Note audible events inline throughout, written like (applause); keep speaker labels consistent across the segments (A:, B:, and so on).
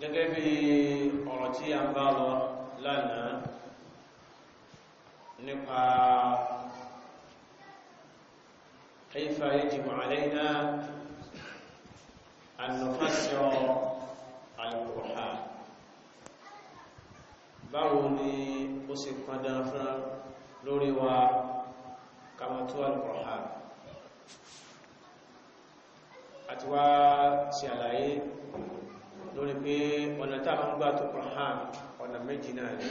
A: gẹ́gẹ́ bí ọ̀rọ̀ tí a ń bá lọ lánàá nípa kaifa yajibu alaina an nufassira al-Qur'an báwo ni ó sì padà fún lórí wa kàmàtú al àti wá sí àlàyé lórí pé ọ̀nà tá ń gbá tó kùrán ọ̀nà méjì náà ni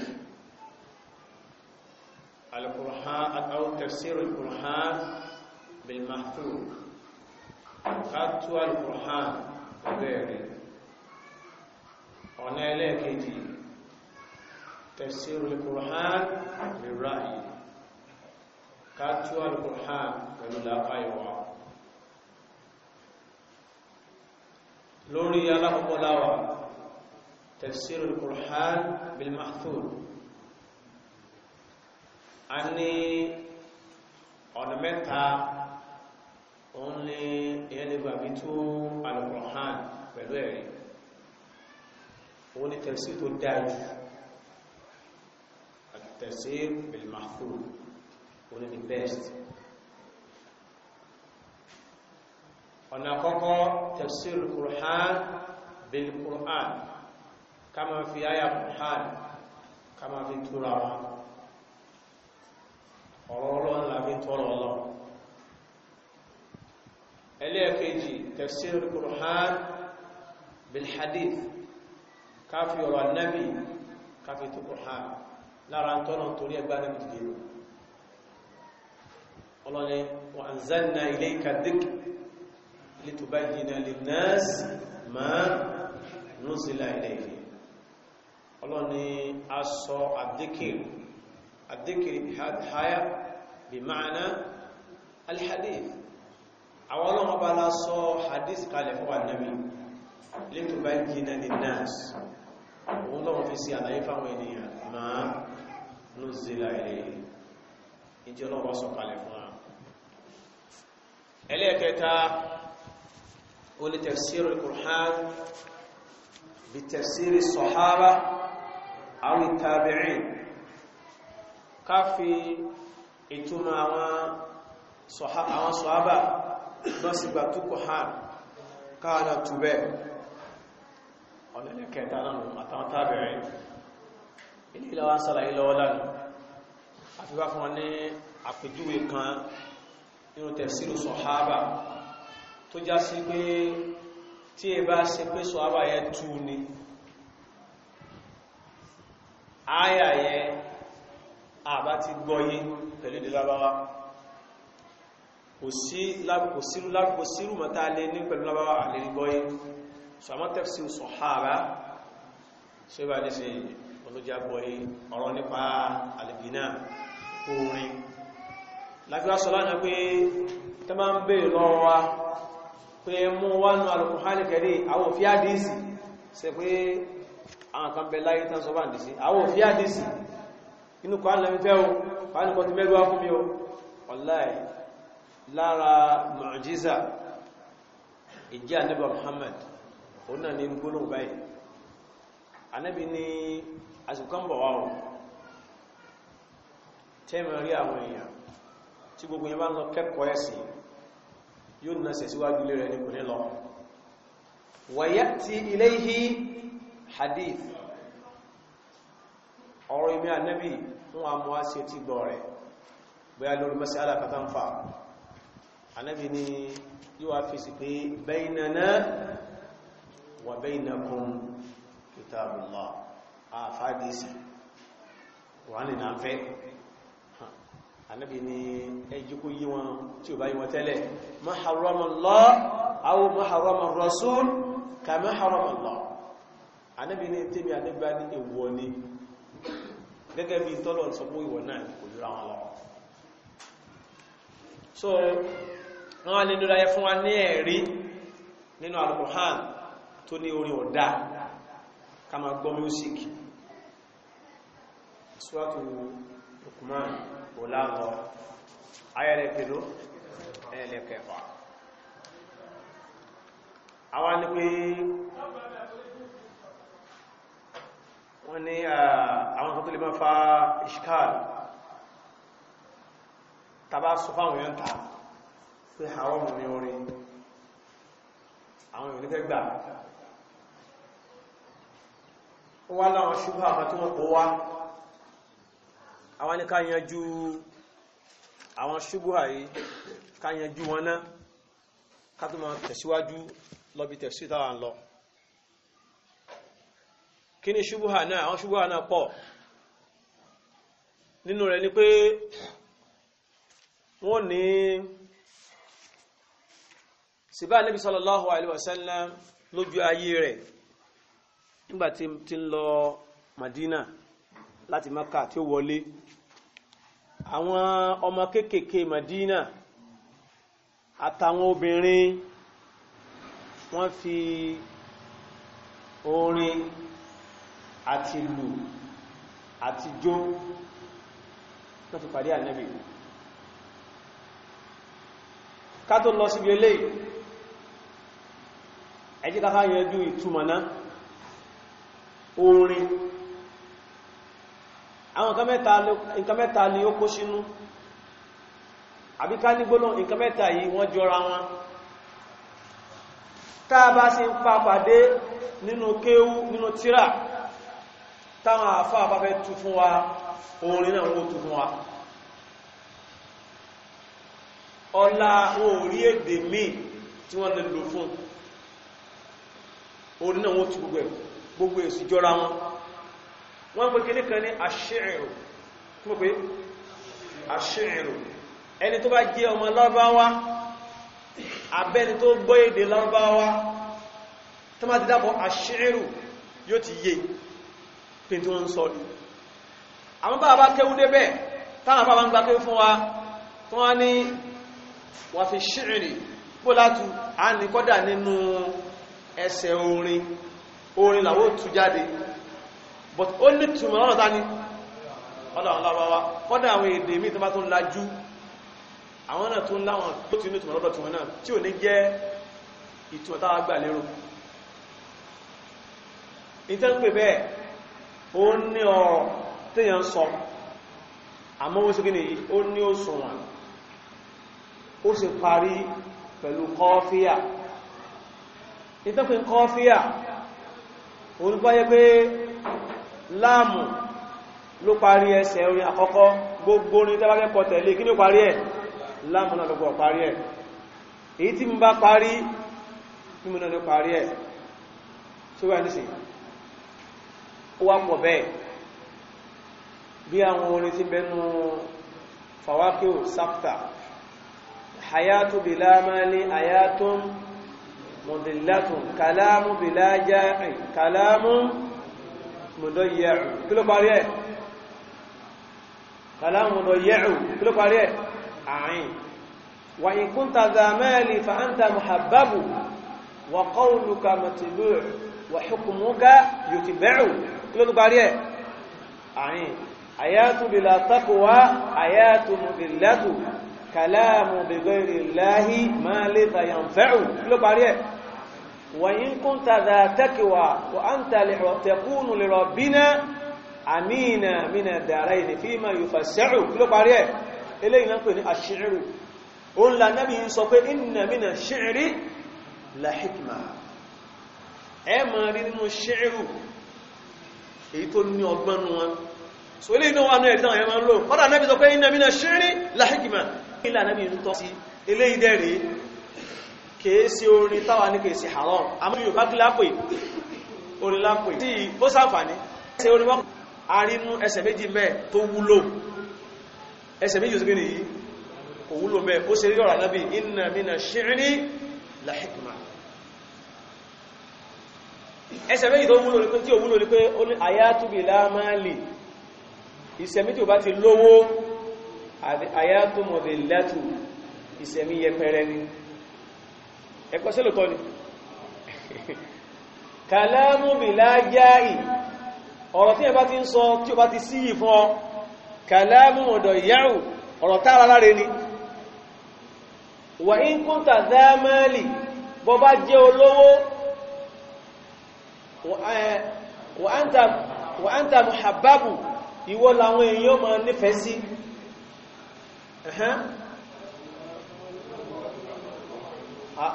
A: alkùrán àtàwọn tafsir alkùrán bilmahtu ká tú alkùrán bẹ̀rẹ̀ ọ̀nà ẹlẹ́ẹ̀kejì tafsir alkùrán bilra'i ká alkùrán pẹ̀lú lápá ìwọ̀n lórí alákọ̀ọ́kọ́ láwà tafsirul Qur'an bil mahthur a ní ọ̀nà mẹ́ta òun ní ẹlẹ́gbàbí tó al-Qur'an pẹ̀lú ẹ̀rí òun ní tafsir tó dájú at-tafsir bil mahthur òun ní best ọ̀nà àkọ́kọ́ tafsir qur'an bil qur'an ká máa fi àyà qur'an ká máa fi túra wa ọ̀rọ̀ ọlọ́run la fi tọrọ ọlọ́run ẹlẹ́ẹ̀kejì tafsir qur'an bil hadith ká fi ọ̀rọ̀ annabi ká fi tú qur'an lára tọ́nà torí ẹgbẹ́ annabi dìde ọlọ́ni wa anzalna ilayka dhikr litubayyina linnas ma nuzila ilayhi ọlọ́ni aṣọ àdíkìrì àdíkìrì ìhàdáyà bí ma'ana alhadith àwọn ọlọ́wọ́ bá lásọ hadith kalẹ̀ fún annabi litubayyina linnas òun lọ́wọ́ fi sí àlàyé fáwọn ènìyàn ma nuzila ilayhi ìjọ lọ́wọ́ sọ ẹlẹ́ẹ̀kẹta قول تفسير القرآن بتفسير الصحابة أو التابعين كافي إتما àwọn sọ̀hábà lọ sí gbà tó kò hàn káàdà tó bẹ́ ọ̀lẹ́lẹ́ kẹta náà àtàwọn tábẹ̀rẹ̀ ilé ìlàwà sàlàyé lọ́wọ́ lánàá àfíwá fún wọn ní àpèjúwe kan nínú tẹ̀sílù sọ̀hábà tó já sí pé tí ẹ bá ṣe pé sọ abáyẹ tú ni áyà yẹ àbá ti gbọ́yé pẹ̀lú ìdí lábáwá kò sírù mọ́ta lé ní pẹ̀lú lábáwá àlérí gbọ́yé sọmọ́tẹ́fsí sọ̀háàbá ṣe bá ní sí olójágbọ́yé ọ̀rọ̀ nípa àlìbìnà orin láfíwá sọ lánàá pé tẹ́ máa ń bèèrè lọ́wọ́ pé mú wánú alùkùnhálì kẹrì àwọn òfí àdísì ṣe pé àwọn kan bẹ láyé tán sọ́bà àdísì àwọn òfí àdísì inú kan lẹ́mí fẹ́ o pàánù kan ti mẹ́rọ fún mi o wallahi lára mu'jiza ìjẹ́ ànábì Muhammad òun náà ní gbólóhùn báyìí ànábì ní àsìkò bọ̀ wá o tẹ́mẹ̀ rí àwọn èèyàn tí gbogbo yẹn bá ń lọ kẹ́kọ̀ọ́ yóò náà sẹ̀ síwájú ilé rẹ̀ ní kò ní lọ wàyàtí ilayhi hadith ọ̀rọ̀ ìmẹ́ ànẹ́bì fún àmọ́ àṣẹ tí gbọ́ rẹ̀ bóyá lórí mẹ́sí alákàtà ń fa ànẹ́bì ni yíò wá fi sí pé baynana wà baynakum kitabullah àfádìsì wà ní náà fẹ́ anábì ni ẹjú kó yí wọn tí ò bá yí wọn tẹ́lẹ̀ ma harrama Allah aw ma harrama rasul kama harrama Allah anábì ni tẹ́mi anábì ní ni gẹ́gẹ́ bí tọ́lọ̀ sọ pé náà kò lura wọn lọ so wọ́n lè lura ẹ fún wa ní ẹ̀rí nínú Al-Qur'an tó ní orin ọ̀dá ká ma gbọ́ music Suratu Luqman غلام ayẹlẹ kelo ẹlẹ kẹfà àwọn ni pé wọ́n ní àwọn tó tó lè máa fa ishkal tàbá sọ fáwọn èèyàn ta pé àwọn ọmọ ní orin àwọn èèyàn gbà ó wá láwọn ṣubú àwọn tó wọ́n kó wá àwọn ní ká yanjú àwọn ṣubúhà yìí ká yanjú wọn náà ká tó máa tẹ̀síwájú lọ́bi tẹ̀sí táwa ń lọ kí ni ṣubúhà náà àwọn ṣubúhà náà pọ̀ nínú rẹ̀ ni pé wọ́n ní síbá níbi sallallahu alaihi lójú ayé rẹ̀ nígbà tí ń lọ Madina láti maka tí ó wọlé àwọn ọmọ kéékèèké Madina àtàwọn obìnrin wọ́n fi orin àti lù àti jó wọ́n fi pàdé ànábì ká tó lọ síbi eléyìí ẹ̀jẹ́ káfà jú ìtumọ̀ orin àwọn nǹkan mẹ́ta ni ó kó sínú àbí ká ní gbólóhùn nǹkan mẹ́ta yìí wọ́n jọra wọn táa bá sí ń papàdé nínú kéwú nínú tírà táwọn àfá bá fẹ́ tú fún wa orin náà wó tú fún wa ọlá wọn ò rí èdè míì tí wọ́n lè lò fún orin náà wó tú gbogbo ẹ̀ gbogbo èsì jọra wọn wọ́n pè kíní kan ní aṣíìrù tí mo pé aṣíìrù ẹni tó bá jẹ́ ọmọ lárúbáwá abẹ́ni tó gbọ́ èdè lárúbáwá tó má ti dápọ̀ aṣíìrù yóò ti yé pé tí wọ́n ń sọ ní àwọn bá bá kéwú débẹ̀ táwọn bá ń gbá but only to túnmọ̀ lọ́nà tá ní ọ̀nà àwọn lárọwá kọ́dá àwọn èdè míì tó bá tó ń lajú àwọn náà tó ń láwọn tó ti ní túnmọ̀ lọ́dọ̀ túnmọ̀ náà tí ò ní jẹ́ ìtumọ̀ táwa gbà lérò ìtẹ́ ń pè bẹ́ẹ̀ ó ní ọ̀rọ̀ téèyàn sọ àmọ́ ó sì kí ni ó ní òṣùwọ̀n ó sì parí pẹ̀lú kọfíà ìtẹ́ pé kọfíà olùkọ́ yẹ pé láàmù ló parí ẹsẹ̀ orin àkọ́kọ́ gbogbo orin tẹ́bákẹ́kọ́ tẹ̀lé kí ní ó parí ẹ̀ láàmù náà lọ́gbọ̀ parí ẹ̀ èyí tí mo bá parí tí mo náà ló parí ẹ̀ tó wà nísìn ó wá pọ̀ bẹ́ẹ̀ bí àwọn orin ti bẹnu fàwákíò sáptà hayatu bilamali hayatun mudillatun kalamu bilaja'i kalamu mọ̀dọ̀ yẹ̀rù kí ló parí ẹ̀ kàlá mọ̀dọ̀ yẹ̀rù kí ló parí ẹ̀ àárín wà ìkúnta zamẹ́lì fa'anta muhabbabu wà kọ́ùlùka mọ̀tìlú wà hukumuka yukibẹ̀rù kí ló parí ẹ̀ àárín ayatu bila taqwa وإن كنت ذا تكوى وأنت تكون لربنا أمينا من الدارين فيما يفسع كله قارئ إلينا نقول الشعر قل النبي صلى إن من الشعر لحكمة أما من الشعر يتوني أبنى so ilé inú wa ní ẹ̀rí táwọn ẹ̀mọ́ ń lò kọ́dà náà bí sọ pé iná mínà ṣírí kìí sí orin táwà ní kìí sí haram àmọ́ yóò bá kí lápè orin lápè tí ó sàǹfàní ṣe orin wọ́n arínú ẹsẹ̀ méjì mẹ́ tó wúlò ẹsẹ̀ méjì òsìnkí nìyí kò wúlò mẹ́ ó ṣe rí ọ̀rọ̀ Ànábì inna mina shi'ri la hikma ẹsẹ̀ méjì tó wúlò tí ó wúlò ní ó ní ayatu bila mali ìsẹ̀mí tí bá ti lówó ayatu ẹ̀kọ́ sí lòtọ́ ni kàlámù bí ọ̀rọ̀ tí ẹ bá ti ń sọ tí ó bá ti sí ìfún ọ kàlámù ọ̀dọ̀ ìyáhù ọ̀rọ̀ tára láre ni wà ń kúntà dámẹ́lì bọ́ bá jẹ́ olówó wà ń tà muhabbabu ìwọ làwọn èèyàn ma nífẹ̀ẹ́ sí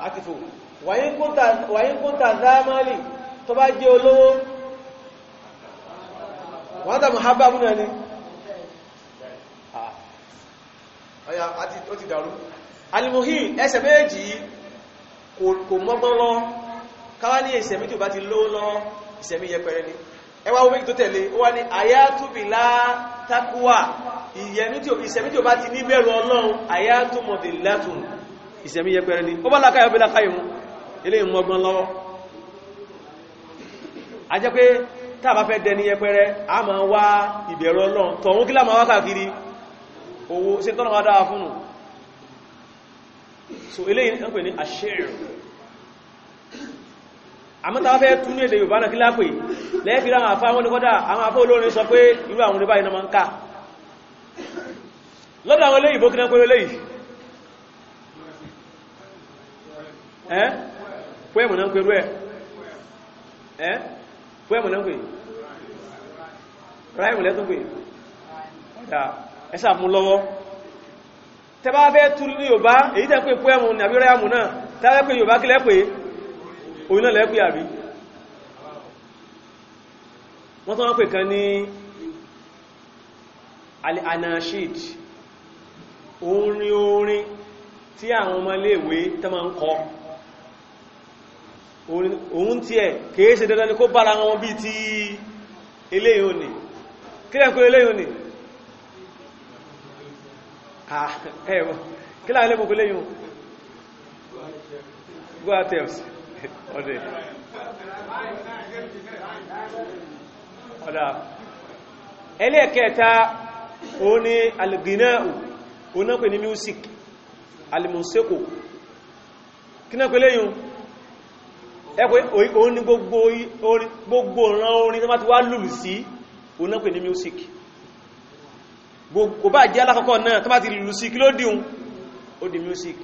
A: àtìfò wàyí kúntà zámálì tó bá jẹ́ olówó wọ́n tàbí hábàbù náà ni ah. ọya àti ó ti dàrú alimuhi ẹsẹ̀ méjì kò mọ́gbọ́n lọ káwá ní ìsẹ̀mí tí ó bá ti lówó lọ ìsẹ̀mí yẹpẹrẹ ni ẹwà omi tó tẹ̀lé ó wá ní àyátúbìlá takuwa ìyẹ̀mí tí ó bá ti ní bẹ̀rù ọlọ́run àyátúmọ̀dé látùn ìsẹ̀mí yẹpẹrẹ ni ó bá lákáyọ̀ bí lákáyọ̀ mú ilé ìmọ̀gbọ́n lọ́wọ́ a jẹ́ pé tá bá fẹ́ dẹni yẹpẹrẹ a ma wá ìbẹ̀rọ Ọlọ́run tọ̀hún so ilé ìpè ní àṣírí àmọ́ tá bá fẹ́ tún ní èdè Yorùbá náà kí lápè lẹ́ẹ̀fì láwọn àfá wọn ni kọ́dà àwọn àfá olórin sọ pé irú àwọn oníbáyìí náà máa ń ká lọ́dọ̀ àwọn eléyìí kí náà pé eléyìí ẹ́ náà pẹ̀lú ẹ̀ ẹ́ náà pẹ̀lú
B: ráìmù lẹ́tún pẹ̀lú
A: ọ̀dá ẹsà mú lọ́wọ́ tẹbá fẹ́ túrú ní Yorùbá èyí tẹ́ pé ní àbí náà tẹ́lẹ́ pé Yorùbá kílẹ̀ pé náà lẹ́pẹ́ àbí òun tí ẹ̀ kìí ṣe dandan ni kó bára wọn bí ti eléyìn òní kílẹ̀ kó eléyìn òní ẹ̀wọ̀n kílẹ̀ ilé gbogbo eléyìn go attempts ọdẹ ọ̀dá ẹlẹ́ẹ̀kẹta òun ni alìgínáà òun náà pè ní music alìmùsẹ́kò kí náà pè léyìn ẹgbẹ́ òun ní gbogbo ìran orin tó má ti wá lùlù sí òun náà pè ní music kò bá jẹ́ alákọ̀ọ́kọ́ náà tó má ti lùlù sí kí ló dìun ó di music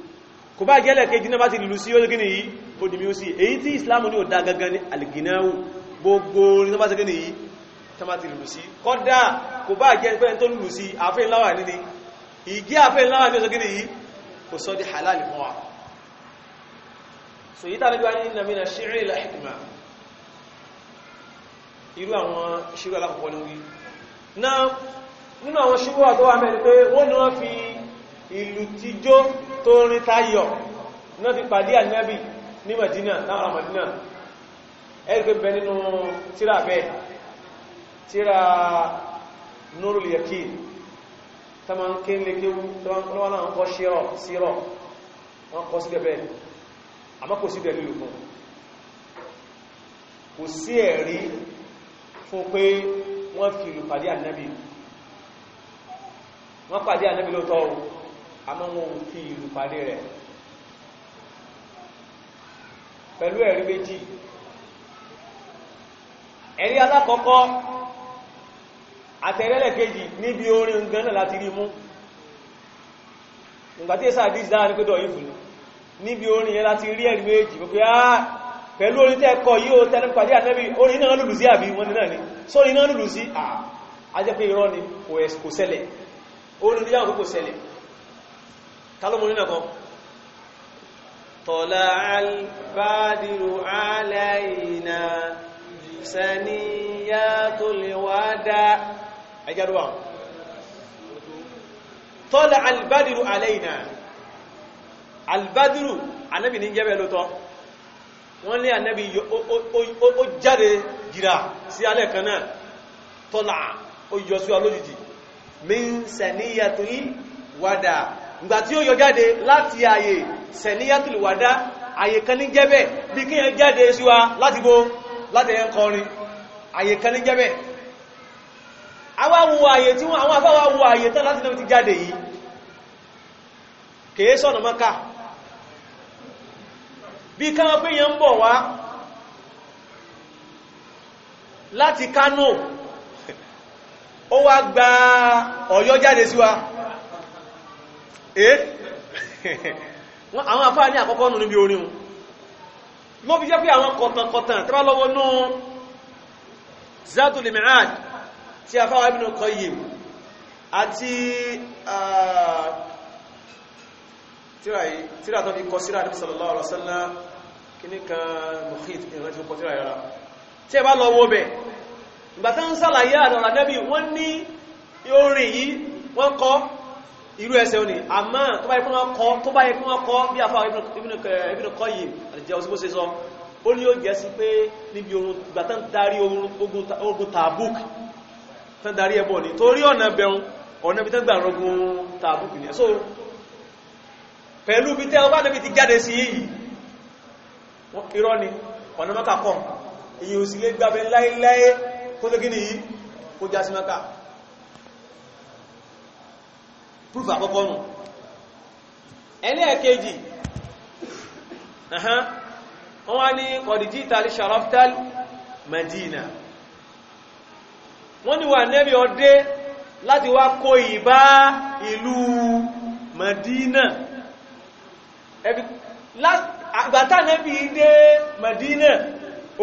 A: kò bá jẹ́ lẹ́kẹ́jì náà má ti lùlù sí ó gíní yìí ó di music èyí tí Islam ní ò dá gangan ní alìgínáwó gbogbo orin tó má ti gíní yìí tó má ti lùlù sí kọ́dá kò bá jẹ́ pẹ́ tó lùlù sí àfẹ́ láwà nílé ìgé àfẹ́ láwà ní ó so yí tàbí wáyé nínú àmìnà ṣírí ilẹ̀ hikima irú àwọn ṣírí alákọ̀ọ́kọ́ ní wí na nínú àwọn ṣírí wà tó wà mẹ́rin pé wọ́n ni wọ́n fi ìlú tíjó tó rin tayọ̀ náà fi pàdé ànábì ní Madina láwọn Madina ẹgbẹ́ bẹ wọ́n kọ́ sírọ̀ wọ́n àmọ́ kò sí dẹ̀lú fún kò sí ẹ̀rí fún pé wọ́n fi ìlú pàdé ànábì wọ́n pàdé ànábì lóòtọ́ o àmọ́ wọn ò fi ìlú pàdé rẹ̀ pẹ̀lú ẹ̀rí méjì ẹ̀rí alákọ̀ọ́kọ́ àtẹ̀rẹ́lẹ̀kejì níbi orin gan náà láti rí mú ìgbàtí ẹ̀sà àdíjì dáa ní pẹ́tọ̀ yìí fún níbi orin yẹn láti rí ẹ̀rí méjì gbogbo yá ah, pẹ̀lú orin tẹ́ kọ yíò tẹ́lẹ̀ pàdé àtẹ́bí orin náà lùlù sí àbí wọn náà ni só orin náà lùlù sí àjẹ́pẹ́ irọ́ ni kò ṣẹlẹ̀ orin ní yàwó kò ṣẹlẹ̀ tálọ́mù nínà kan tọ́lá albádìrò aláìna saniya tó lè wá dá ẹjẹ́ tọ́lá albádìrò aláìna albadiru anábì ní jẹ́bẹ̀ lótọ́ wọ́n o o o jáde jìrà si alẹ́ kan náà tọ́lá ó yọ sí alójìjì min sẹ̀níyàtìl wàdà ìgbà tí ó yọ jáde láti ààyè sẹ̀níyàtìl wàdà ààyè kan ní jẹ́bẹ̀ bí kí ẹ jáde sí wa láti bó láti ẹ kọrin ààyè kan ní jẹ́bẹ̀ àwọn ààyè tí wọ́n àwọn afáwà ààyè tán láti náà ti jáde yìí kèé sọ̀nà mọ́ká bí káwọn pé yẹn ń bọ̀ wá láti Kánò ó wá gba Ọ̀yọ́ jáde sí wa eh àwọn afáà ní àkọ́kọ́ nù níbi orin mọ́ fi jẹ́ pé àwọn kọ̀tànkọ̀tàn tẹ́bá lọ́wọ́ ní Zadul Mi'ad tí afáwà Ibn Qayyim àti ah, tíra yìí tíra tó fi kọ síra ní sallallahu alaihi wasallam kíní kan mohit ìran tí ó kọ tíra yára tí ẹ bá lọ wo bẹ̀ ìgbàtà ń sàlàyé àdọ̀rà nẹ́bí wọ́n ní orin yìí wọ́n kọ irú ẹsẹ̀ òní àmọ́ tó bá yẹ kí wọ́n kọ tó bá yẹ kí wọ́n kọ bí afá Ibn Qayyim àdìjẹ́ òsìbó ṣe sọ ó ní ó jẹ́ sí pé níbi orun ìgbàtà ń darí ogun Tabuk pẹ̀lú bí tẹ́ ọba níbi ti jáde sí yìí irọ́ ni ọ̀nà mọ́ka kan èyí ò sí lé gbábẹ̀ láíláí kó tó gíní yìí kó já sí mọ́ka proof àkọ́kọ́ nù ẹni ẹ̀kejì wọ́n wá kọ̀dìjí ìtàlì sharaftal Madina wọ́n ni wà nẹ́bí ọdé láti wá kó ìbá ìlú Madina ẹbí ìgbàtà nẹ́bí dé Madina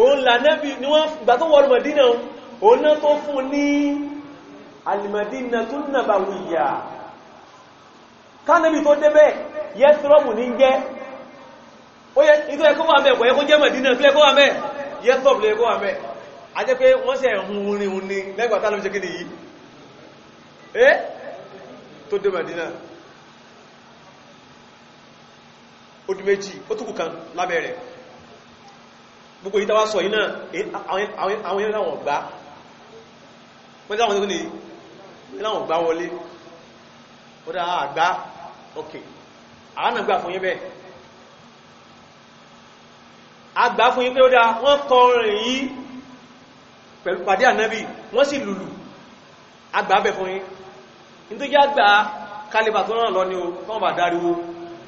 A: òun là nẹ́bí ni wọ́n gbà tó wọ́n Madina òun náà tó fún ní alìmọ̀dínà tó nàbà wùyà kánẹ́bí tó débẹ̀ yẹ́ tírọ́mù ní jẹ́ ó yẹ ìtọ́ ẹkọ́ wà mẹ́ kò yẹ kó jẹ́ Madina tó ẹkọ́ wà mẹ́ yẹ́ tọ́pù lè ẹkọ́ wà mẹ́ a jẹ́ pé wọ́n sẹ̀ hun orin orin lẹ́gbàtà lọ́mọ́ ó di méjì ó túnkù kan lábẹ́ rẹ̀ gbogbo ìtawà sọ iná àwọn ilẹ̀ àwọn ọ̀gbá wọ́n dáwọn tó ní ilẹ̀ àwọn ọ̀gbá wọlé ó dá àgbá ah, ok àwọn àgbà fún yín bẹ́ẹ̀ àgbà fún yín pé ó dá wọ́n kọ rìn yí pẹ̀lú pàdé ànábì wọ́n sì lùlù àgbà bẹ̀ fún yín nítorí àgbà kálíbà tó rán lọ ní o kọ́ bà dáríwó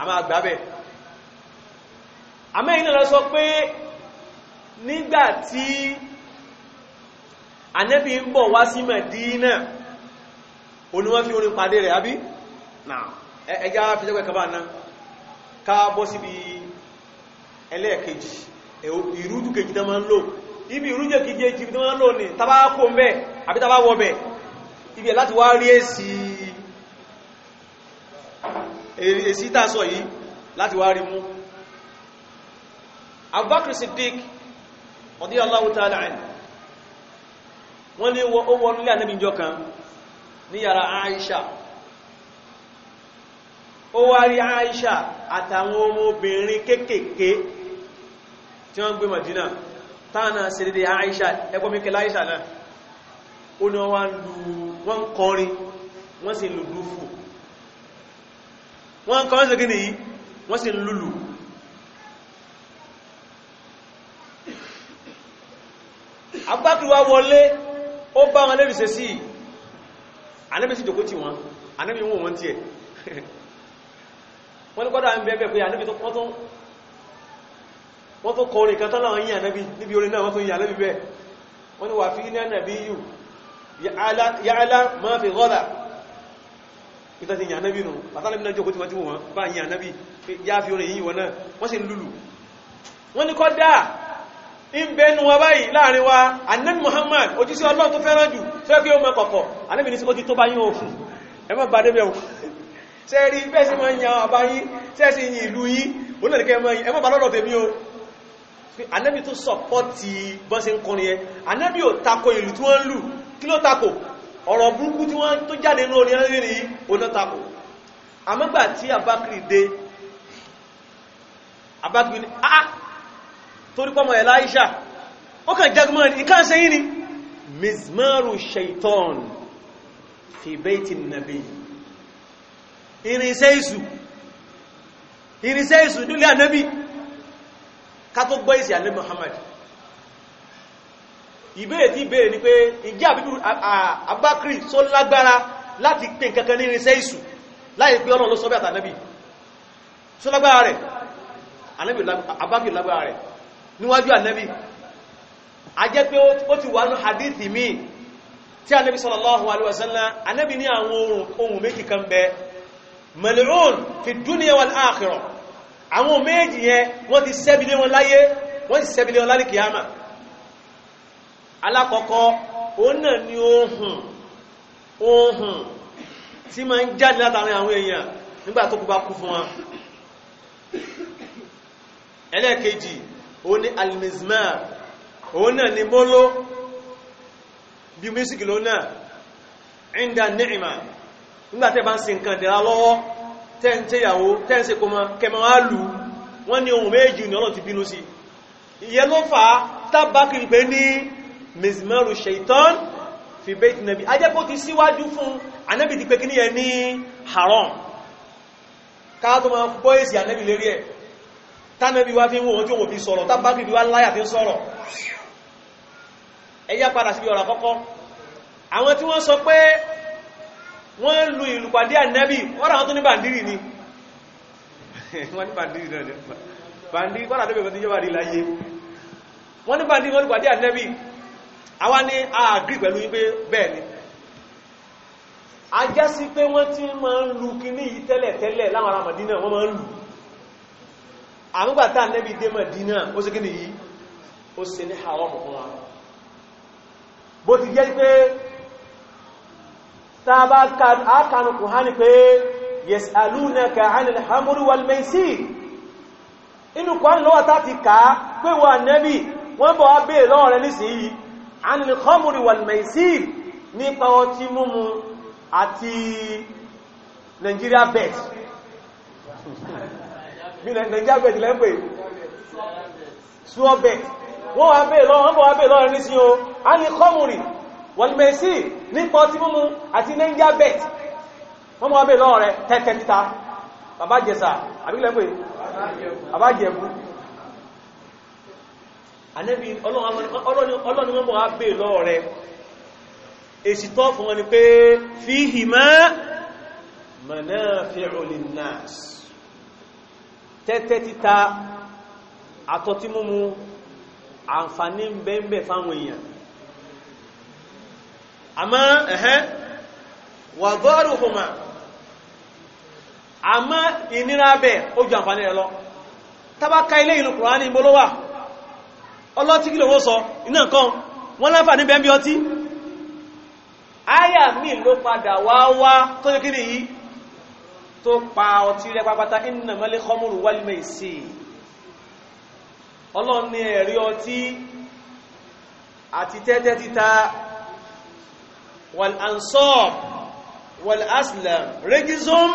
A: àmà àgbà bẹ̀ àmẹ́yìn náà sọ pé nígbàtí anẹ́bí ń bọ̀ wá sí Mẹ̀dínà oníwọ́n fi orin pàdé rẹ̀ àbí na ẹjá fẹ́jẹ́gbẹ́ kaba náà ká bọ́ ẹlẹ́ẹ̀kejì ibi ìrújú kejì máa ń lò ní mẹ́ àbí ibi láti wá rí èsì èsì tàṣọ yìí láti wá rí Abu Bakr Siddiq radiyallahu ta'ala anhu wọ́n ní ó wọ́n nílé ànábì ìjọ kan ní yàrá Aisha o wá rí Aisha àtàwọn ọmọbìnrin kéékèèké tí wọ́n gbé Madina tánà sí dédé Aisha ẹgbọ́n mikẹlá Aisha náà ó ní wọ́n kọrin wọ́n sì lùlù fún wọ́n kọrin sí gíní yìí wọ́n sì lùlù abubakar wá wọlé ó bá wọn lẹ́rù ṣe sí ànábì sí jòkó tí wọn ànábì wọn wọn tí ẹ̀ (laughs) wọ́n ní kọ́dá ń pé ànábì wọ́n tó kọ orin kan láwọn yí ànábì níbi orin náà wọ́n tó yí ànábì bẹ́ẹ̀ wọ́n ní wà fi ní ànábì yù yàálá ma fi gọ́dà ìtàtí yà ìbẹnu wa báyìí láàrin wa annabi muhammad ojúsí ọlọ́run tó fẹ́ràn jù fẹ́ kí ó mọ kọ̀kọ̀ annabi ní sí ojú tó bá yín òfin ẹmọ́ bá débẹ̀ òun tẹ́ rí bẹ́ẹ̀ sí mọ́ yín àwọn àbáyín tẹ́ sí yìn ìlú yín ó lè kẹ́ mọ́ yín ẹmọ́ bá lọ́dọ̀ tèmi o annabi ah, ah torí pọ́mọ̀ elisha ó kàn jagmọ́ ní ìkáṣe yìí ni mizmaru shaitan fi baiti nabi irinṣẹ́ ìsù irinṣẹ́ ìsù nílé ànábì ká tó gbọ́ ìsì ànábì Muhammad ìbéèrè tí ìbéèrè ni pé ìjẹ́ àbákìrì só lágbára láti pè kankan ní irinṣẹ́ ìsù láì pé Ọlọ́run ló sọ bí àtànábì só lágbára rẹ̀ níwájú ànábì a jẹ́ pé ó ti wà ní hadithi mi tí ànábì sallallahu alaihi wasallam ànábì ní àwọn ohun méjì kan bẹ mal'un fi dunya wal akhirah àwọn méjì yẹn wọ́n ti sẹ́bílé wọn láyé wọ́n ti sẹ́bílé wọn lálìkìyàmà alákọ̀ọ́kọ́ òun náà ni ohun ohun tí ma ń jáde látàrí àwọn èèyàn nígbà tó kú bá ẹlẹ́ẹ̀kejì òun ni almizmar òun náà ni móló bí mísìkì ló náà inda ni'ima nígbàtẹ́ bá ń ṣe nǹkan dẹ̀ra lọ́wọ́ tẹ́ǹtẹ́yàwó tẹ́ǹsẹ̀ kó mọ́ kẹmọ́ á lù wọ́n ní ohun méjì ní ọlọ́ ti bínú sí ìyẹ́ ló fà á tábákì tánàbí wá fi ń wọ́n tí wọ́n fi sọ̀rọ̀ tábàbí wá láyà fi ń sọ̀rọ̀ ẹ̀yà padà sí ọ̀rọ̀ àkọ́kọ́ àwọn tí wọ́n sọ pé wọ́n ń lu ìlú pàdé ànábì wọ́n ràwọn tó ní bàndírì ni (laughs) wọ́n ní bàndírì náà bàndírì wọ́n ràdébẹ̀ tó jọba rí láyé wọ́n ní bàndírì wọ́n lu pàdé ànábì àwa ní àgírí pẹ̀lú yín pé bẹ́ẹ̀ ni a já sí pé wọ́n ti máa ń lu kíní yìí tẹ́lẹ̀ tẹ́lẹ̀ láwọn ará Màdínà wọ́n máa ń lu àmúgbàtà nẹ́bí dé Mẹdínà ó sì kíni yìí ó sì ní haram fún wa bó ti jẹ́ pé tàbá ákànù kùhání pé yas'alunaka 'anil hamri wal maisir inú kwan lọ́wọ́ tá ti ká pé wà nẹ́bí wọ́n bọ̀ wá bèèrè lọ́wọ́ rẹ̀ nísìnyí ní Nigeria bed lẹ́pẹ̀ ṣúọ́bẹ̀ wọ́n wá bèè lọ́wọ́ wọ́n wá bèè lọ́rẹ̀ ní sí o a ní kọmùrì wọlmẹ̀sí nípa ọtí mímu àti Nigeria bed wọ́n wá bèè lọ́rẹ̀ tẹ́tẹ́ títa bàbá jẹsà àbílẹ́pẹ̀ bàbá jẹ̀bú anẹ́bí ọlọ́ni wọ́n wá bèè lọ́rẹ̀ tẹ́tẹ́ títa àtọtí mímu àǹfààní ń bẹ ń bẹ fáwọn èèyàn àmọ́ ẹ̀hẹ́n wà gọ́ọ̀rù hùmà àmọ́ ìnira bẹ̀ ó ju àǹfààní rẹ̀ lọ tábákà ilé ìlú kùránì ìbólówà ọlọ́tí kí lówó sọ iná nǹkan wọ́n láǹfààní bẹ́ẹ̀ bí ọtí áyà padà wá wá tó yẹ tó pa ọtí rẹ pápátá innamal khamru wal maisir ọlọ́run ní ẹ̀rí ọtí àti tẹ́tẹ́ títa wal ansab wal aslam rejizum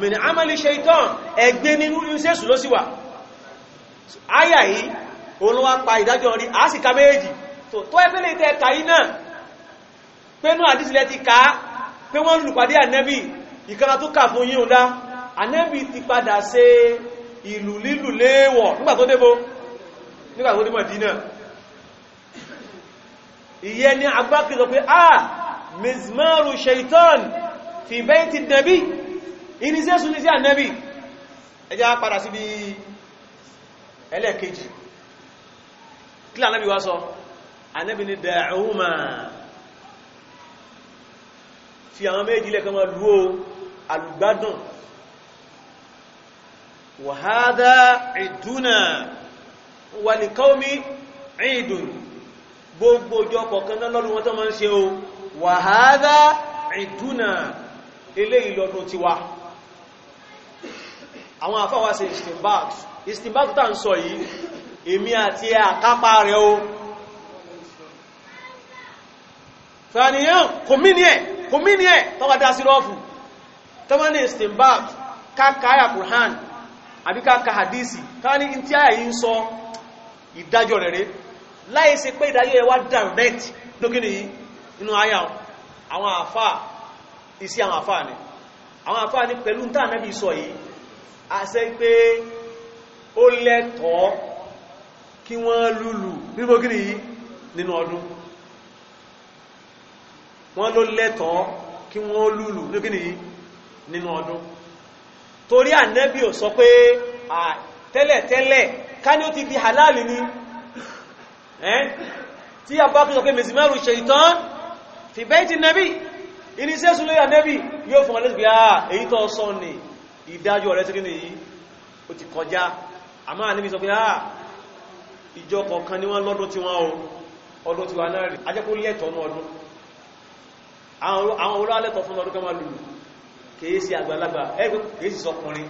A: min amali shaitan ẹgbẹ́ nínú ìṣẹ́sù ló sì wà áyà yìí òun wá pa ìdájọ́ rí àásìká méjì tó ẹgbẹ́ lè tẹ́ kàí náà pẹ́nú àdísìlẹ̀ ti ìkànnà tó kà fún yíò dá anẹ́bì ti padà ṣe ìlù lílù léèwọ̀ nígbà tó débó nígbà tó dé Mádínà ìyẹ́ ni agbákìtọ̀ pé ah mizmaru shaitan fi bayti nẹ́bí inisẹ́ sún ní sí ànẹ́bì ẹjá padà sí bí ẹlẹ́ẹ̀kejì kí lànẹ́bì wá fi àwọn méjì lẹ́kọ́ máa lú alùgbádùn wàhádá ìdúnà wàlìkọ́mí ìdùn gbogbo ọjọ́ kọ̀ọ̀kan náà lọ́dún wọn tó máa ń ṣe o wàhádá ìdúnà eléyìí lọ́dún tiwa àwọn àfáwà ṣe istinbat istinbat tá ń sọ yìí èmi àti àkápá rẹ̀ o fàníyàn kòmínìẹ̀ kòmínìẹ̀ tọ́wàdá sí rọ́fù tọ́mọ́ ní istinbat káàkà àyà àbí hadisi káà ní tí àyà yìí ń sọ ìdájọ́ rẹ̀ rẹ̀ láì ṣe pé ìdájọ́ yẹ direct lókínì yìí inú isi àwọn àfà ni àwọn àfà ni pẹ̀lú tá ọdún ló lẹ́tọ̀ọ́ kí nínú ọdún torí ànẹ́bí ò sọ pé tẹ́lẹ̀tẹ́lẹ̀ ká ní ó ti di halali ni tí a bá kí sọ pé mẹ́sìmẹ́rù ṣe ìtàn fi bẹ́ẹ̀ ti nẹ́bí iníṣẹ́ súnlé ànẹ́bí yóò fún ọlẹ́sì pé àà èyí tó sọ ní ìdájọ́ rẹ̀ sí nìyí ó ti kọjá àmọ́ ànẹ́bí sọ pé àà ìjọ kọ̀ọ̀kan ni wọ́n lọ́dún tí wọ́n o ọdún tí wọ́n náà rí ajẹ́kó lẹ́tọ̀ọ́ ọdún àwọn olóòlẹ́tọ̀ fún ọdún kan máa lùlù kìí sí àgbàlagbà ẹgbẹ́ kìí sí ọkùnrin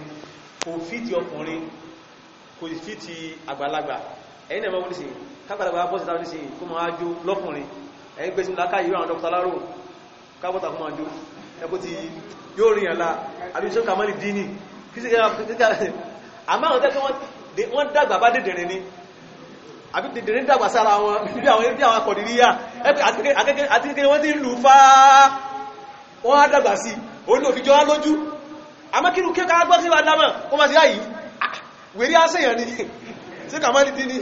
A: kò fìtì ọkùnrin kò fìtì àgbàlagbà ẹ̀yìn ẹ̀mọ́ wọ́n sí kágbàlagbà bọ́ sí táwọn sí kó máa jó lọ́kùnrin ẹ̀yìn gbé sí láká ìrọ̀ àwọn dọ́kítà láró kábọ́ta kó máa jó ẹkó ti yóò rìn ẹ̀la àbí sọ kàmọ́lì dínì kìí àbí dèdè ní dàgbà sára wọn (laughs) bí àwọn ẹbí àwọn akọ̀dìríyà àti kékeré wọ́n ti ń lù fáá wọ́n á dàgbà sí i ó ní òfijọ́ wá lójú amákírù kéka agbọ́ sí àdámà ó máa sí láyìí ah, wèrí àṣẹyàn ni sí kàmálì dín ní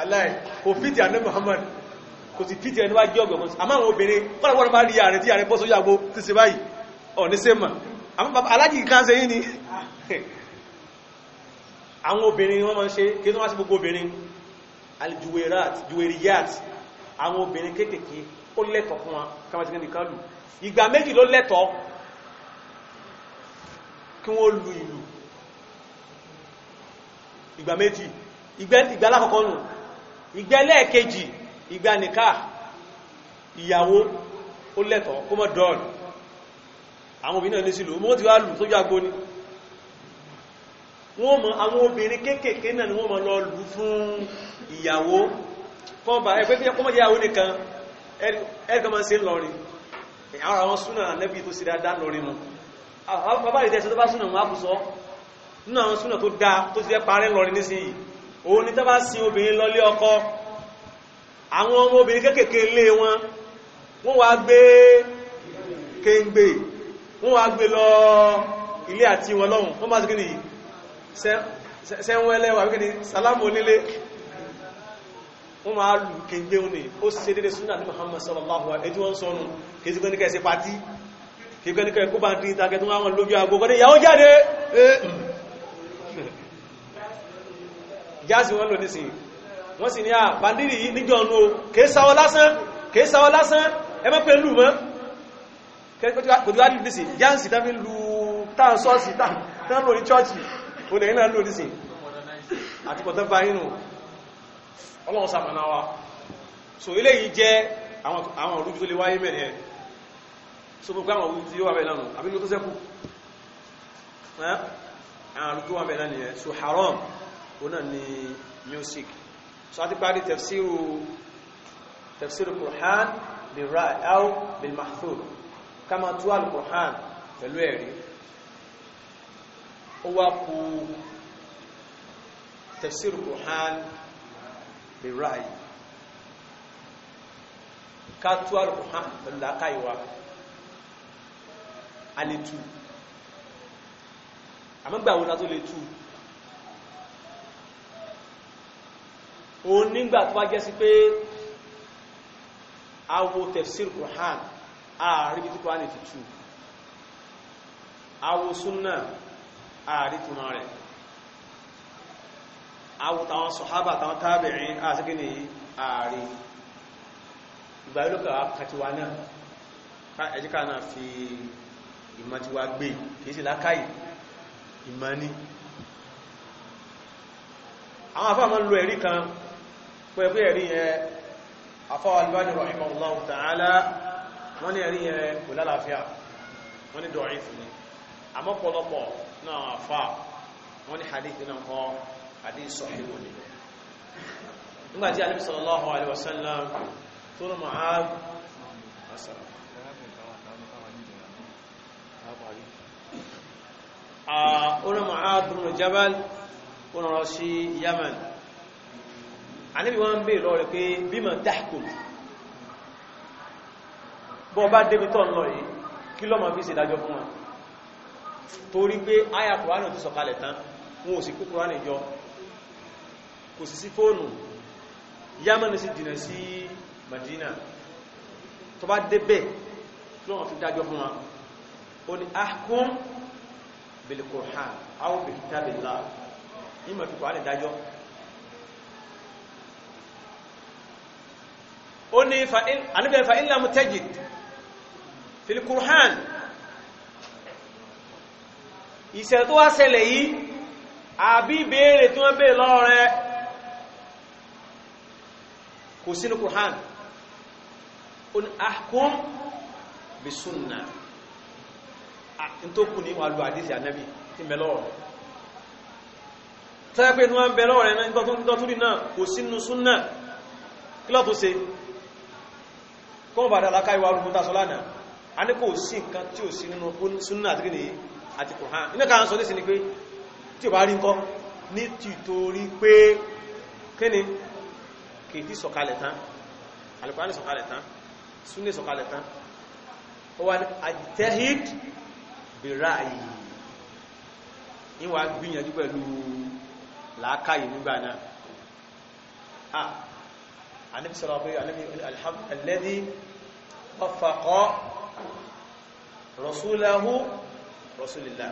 A: aláì kò fìtì àná Muhammad kò sì fìtì ẹni wá jẹ́ ọgbọ̀n àmá àwọn obìnrin fọ́nàwọ́n bá rí ààrẹ tí ààrẹ bọ́ sójú àgbó ti ṣe báyìí ọ̀ ní sẹ́mà àmá bàbá alájì kan ṣe yìí ni (laughs) àwọn obìnrin wọ́n máa ń ṣe kí tó wá sí gbogbo obìnrin aljuwerat juweriyat àwọn obìnrin kéékèèké ó lẹ́tọ̀ọ́ fún wa káwọn ti kẹ́ ìgbà méjì ló lẹ́tọ̀ọ́ kí wọ́n lu ìlú ìgbà méjì ìgbà alákọ̀ọ́kọ́ nù ìgbà ẹlẹ́ẹ̀kejì ìgbà nìká ìyàwó ó lẹ́tọ̀ọ́ kó mọ́ dọ́ọ̀lù àwọn obìnrin ní sílò mọ́ ti wá lù tó jágbó ní wọ́n mọ̀ àwọn obìnrin kéékèèké náà ni wọ́n mọ̀ lọ lù fún ìyàwó fọ́nbà ẹgbẹ́ tí ẹkọ́mọ́dé ìyàwó nìkan ẹgbẹ́ mọ́ sí lọ́rin ara wọn súnà ànábì tó sì dáadáa lórí mu bàbá ìdẹ́sẹ̀ tó bá súnà wọn á kù nínú àwọn súnà tó dáa tó ti fẹ́ parẹ́ lọrin nísìnyí òun ni tó bá obìnrin lọlé ọkọ àwọn ọmọ obìnrin kéékèèké lé wọn wọ́n wá gbé kéńgbé wọ́n wá gbé lọ ilé àti wọn lọ́hùn bá ti kí ni sẹ́wọ́n ẹlẹ́wà wíkẹ́ sàlámù onílé wọ́n máa lù kéńgbé òní ó ṣe dédé súnà ní Muhammad sallallahu alaihi wasallam sọ́nù kéjìgbé níkẹ́ ṣe pàtí kéjìgbé níkẹ́ kó bá ń dín ìtàkẹ́ tó wọ́n lójú àgbò kọ́dé ìyàwó jáde jáàsì wọ́n lò nísìn wọ́n sì ní à bandiri yìí níjọ ọ̀nà kéèsáwọ́ lásán kéèsáwọ́ lásán ẹ mọ́ pé lù mọ́ kòjú wádìí nísìn jáàsì tán fi lù tán sọ́ọ̀sì tán lò ní chọ́ọ̀chì ọlọ́run sàmàná wa so eléyìí jẹ́ àwọn òrùjú tó lè wáyé mẹ́rin ẹ̀ so gbogbo àwọn òrùjú yóò wà bẹ́ẹ̀ lánàá àbí ló tó sẹ́kù àwọn òrùjú wà bẹ́ẹ̀ lánàá so haram òun náà ni music so Qur'an lè ráàyè ká tú àlùkùnhàn pẹ̀lú àkáyíwá a lè tú àmọ́gbà wọn tó lè tú òun nígbà tó bá jẹ́ sí pé awo tafsir Qur'an ààríbi tí Qur'an ti tú awo súnnà ààrí túnmọ̀ rẹ̀ àwòtàwọn sọ̀hábà àtàwọn tábìrin àtíkìní ààrí ìgbàlókà kàtíwà náà ká ẹjíká náà fi ìmọ̀tíwà gbé kìí sí lákàí ìmọ̀ ní àwọn afẹ́ àmọ́ lo ẹ̀rí kan pẹ̀lú ẹ̀rí yẹn afọ́wà albani rahimahullahu ta'ala wọ́n ní ẹ̀rí yẹn kò lálàáfíà wọ́n ní hadith sahihu ni nígbà tí Ànábì sallallahu alaihi wasallam tó rọ Mu'adh asara ọ̀nà Mu'adh bin Jabal ọ̀nà lọ sí Yaman Ànábì wọ́n ń bèèrè lọ rẹ̀ pé bima tahkum bọ́ bá débi tọ́ ń lọ yìí kí ló máa fi ṣe ìdájọ́ fún wa torí pé àyà Kùránì ti sọ̀kalẹ̀ kò sì sí fóònù yámẹ́ni sì dìnà sí Madina tó bá débẹ̀ lọ́wọ́n fi dájọ́ fún wa ó ní ahkum bil Qur'an aw bi kitabillah ìmọ̀ fi kọ̀hánì dájọ́ ó ní àníbẹ̀ fa in lam tajid fil Qur'an ìṣẹ̀lẹ̀ tó wá ṣẹlẹ̀ yìí àbí béèrè tí wọ́n béèrè lọ́rẹ́ kò sínú Qur'an ó bí súnà tó kù ní wàlú àdísì ànẹ́bì tí mẹ́lọ́rọ̀ tẹ́lẹ̀ pé wọ́n bẹ̀rẹ̀ ọ̀rẹ́ náà tọ́túrí náà kò sínú kí lọ́ tó se kọ́ bàdà lákàíwá orúkú tásọ́lánà a ní kò ní kìí sọ̀kalẹ̀ tán alìkọ́ni sọ̀kalẹ̀ tán súnlẹ̀ sọ̀kalẹ̀ tán ó wà ní àjẹ́hìd bèèrà yìí níwà gbìyànjú pẹ̀lú làákàyè nígbà náà a anábi sọ̀rọ̀ pé alhamdulillah wafakọ́ rasulahu rasulillah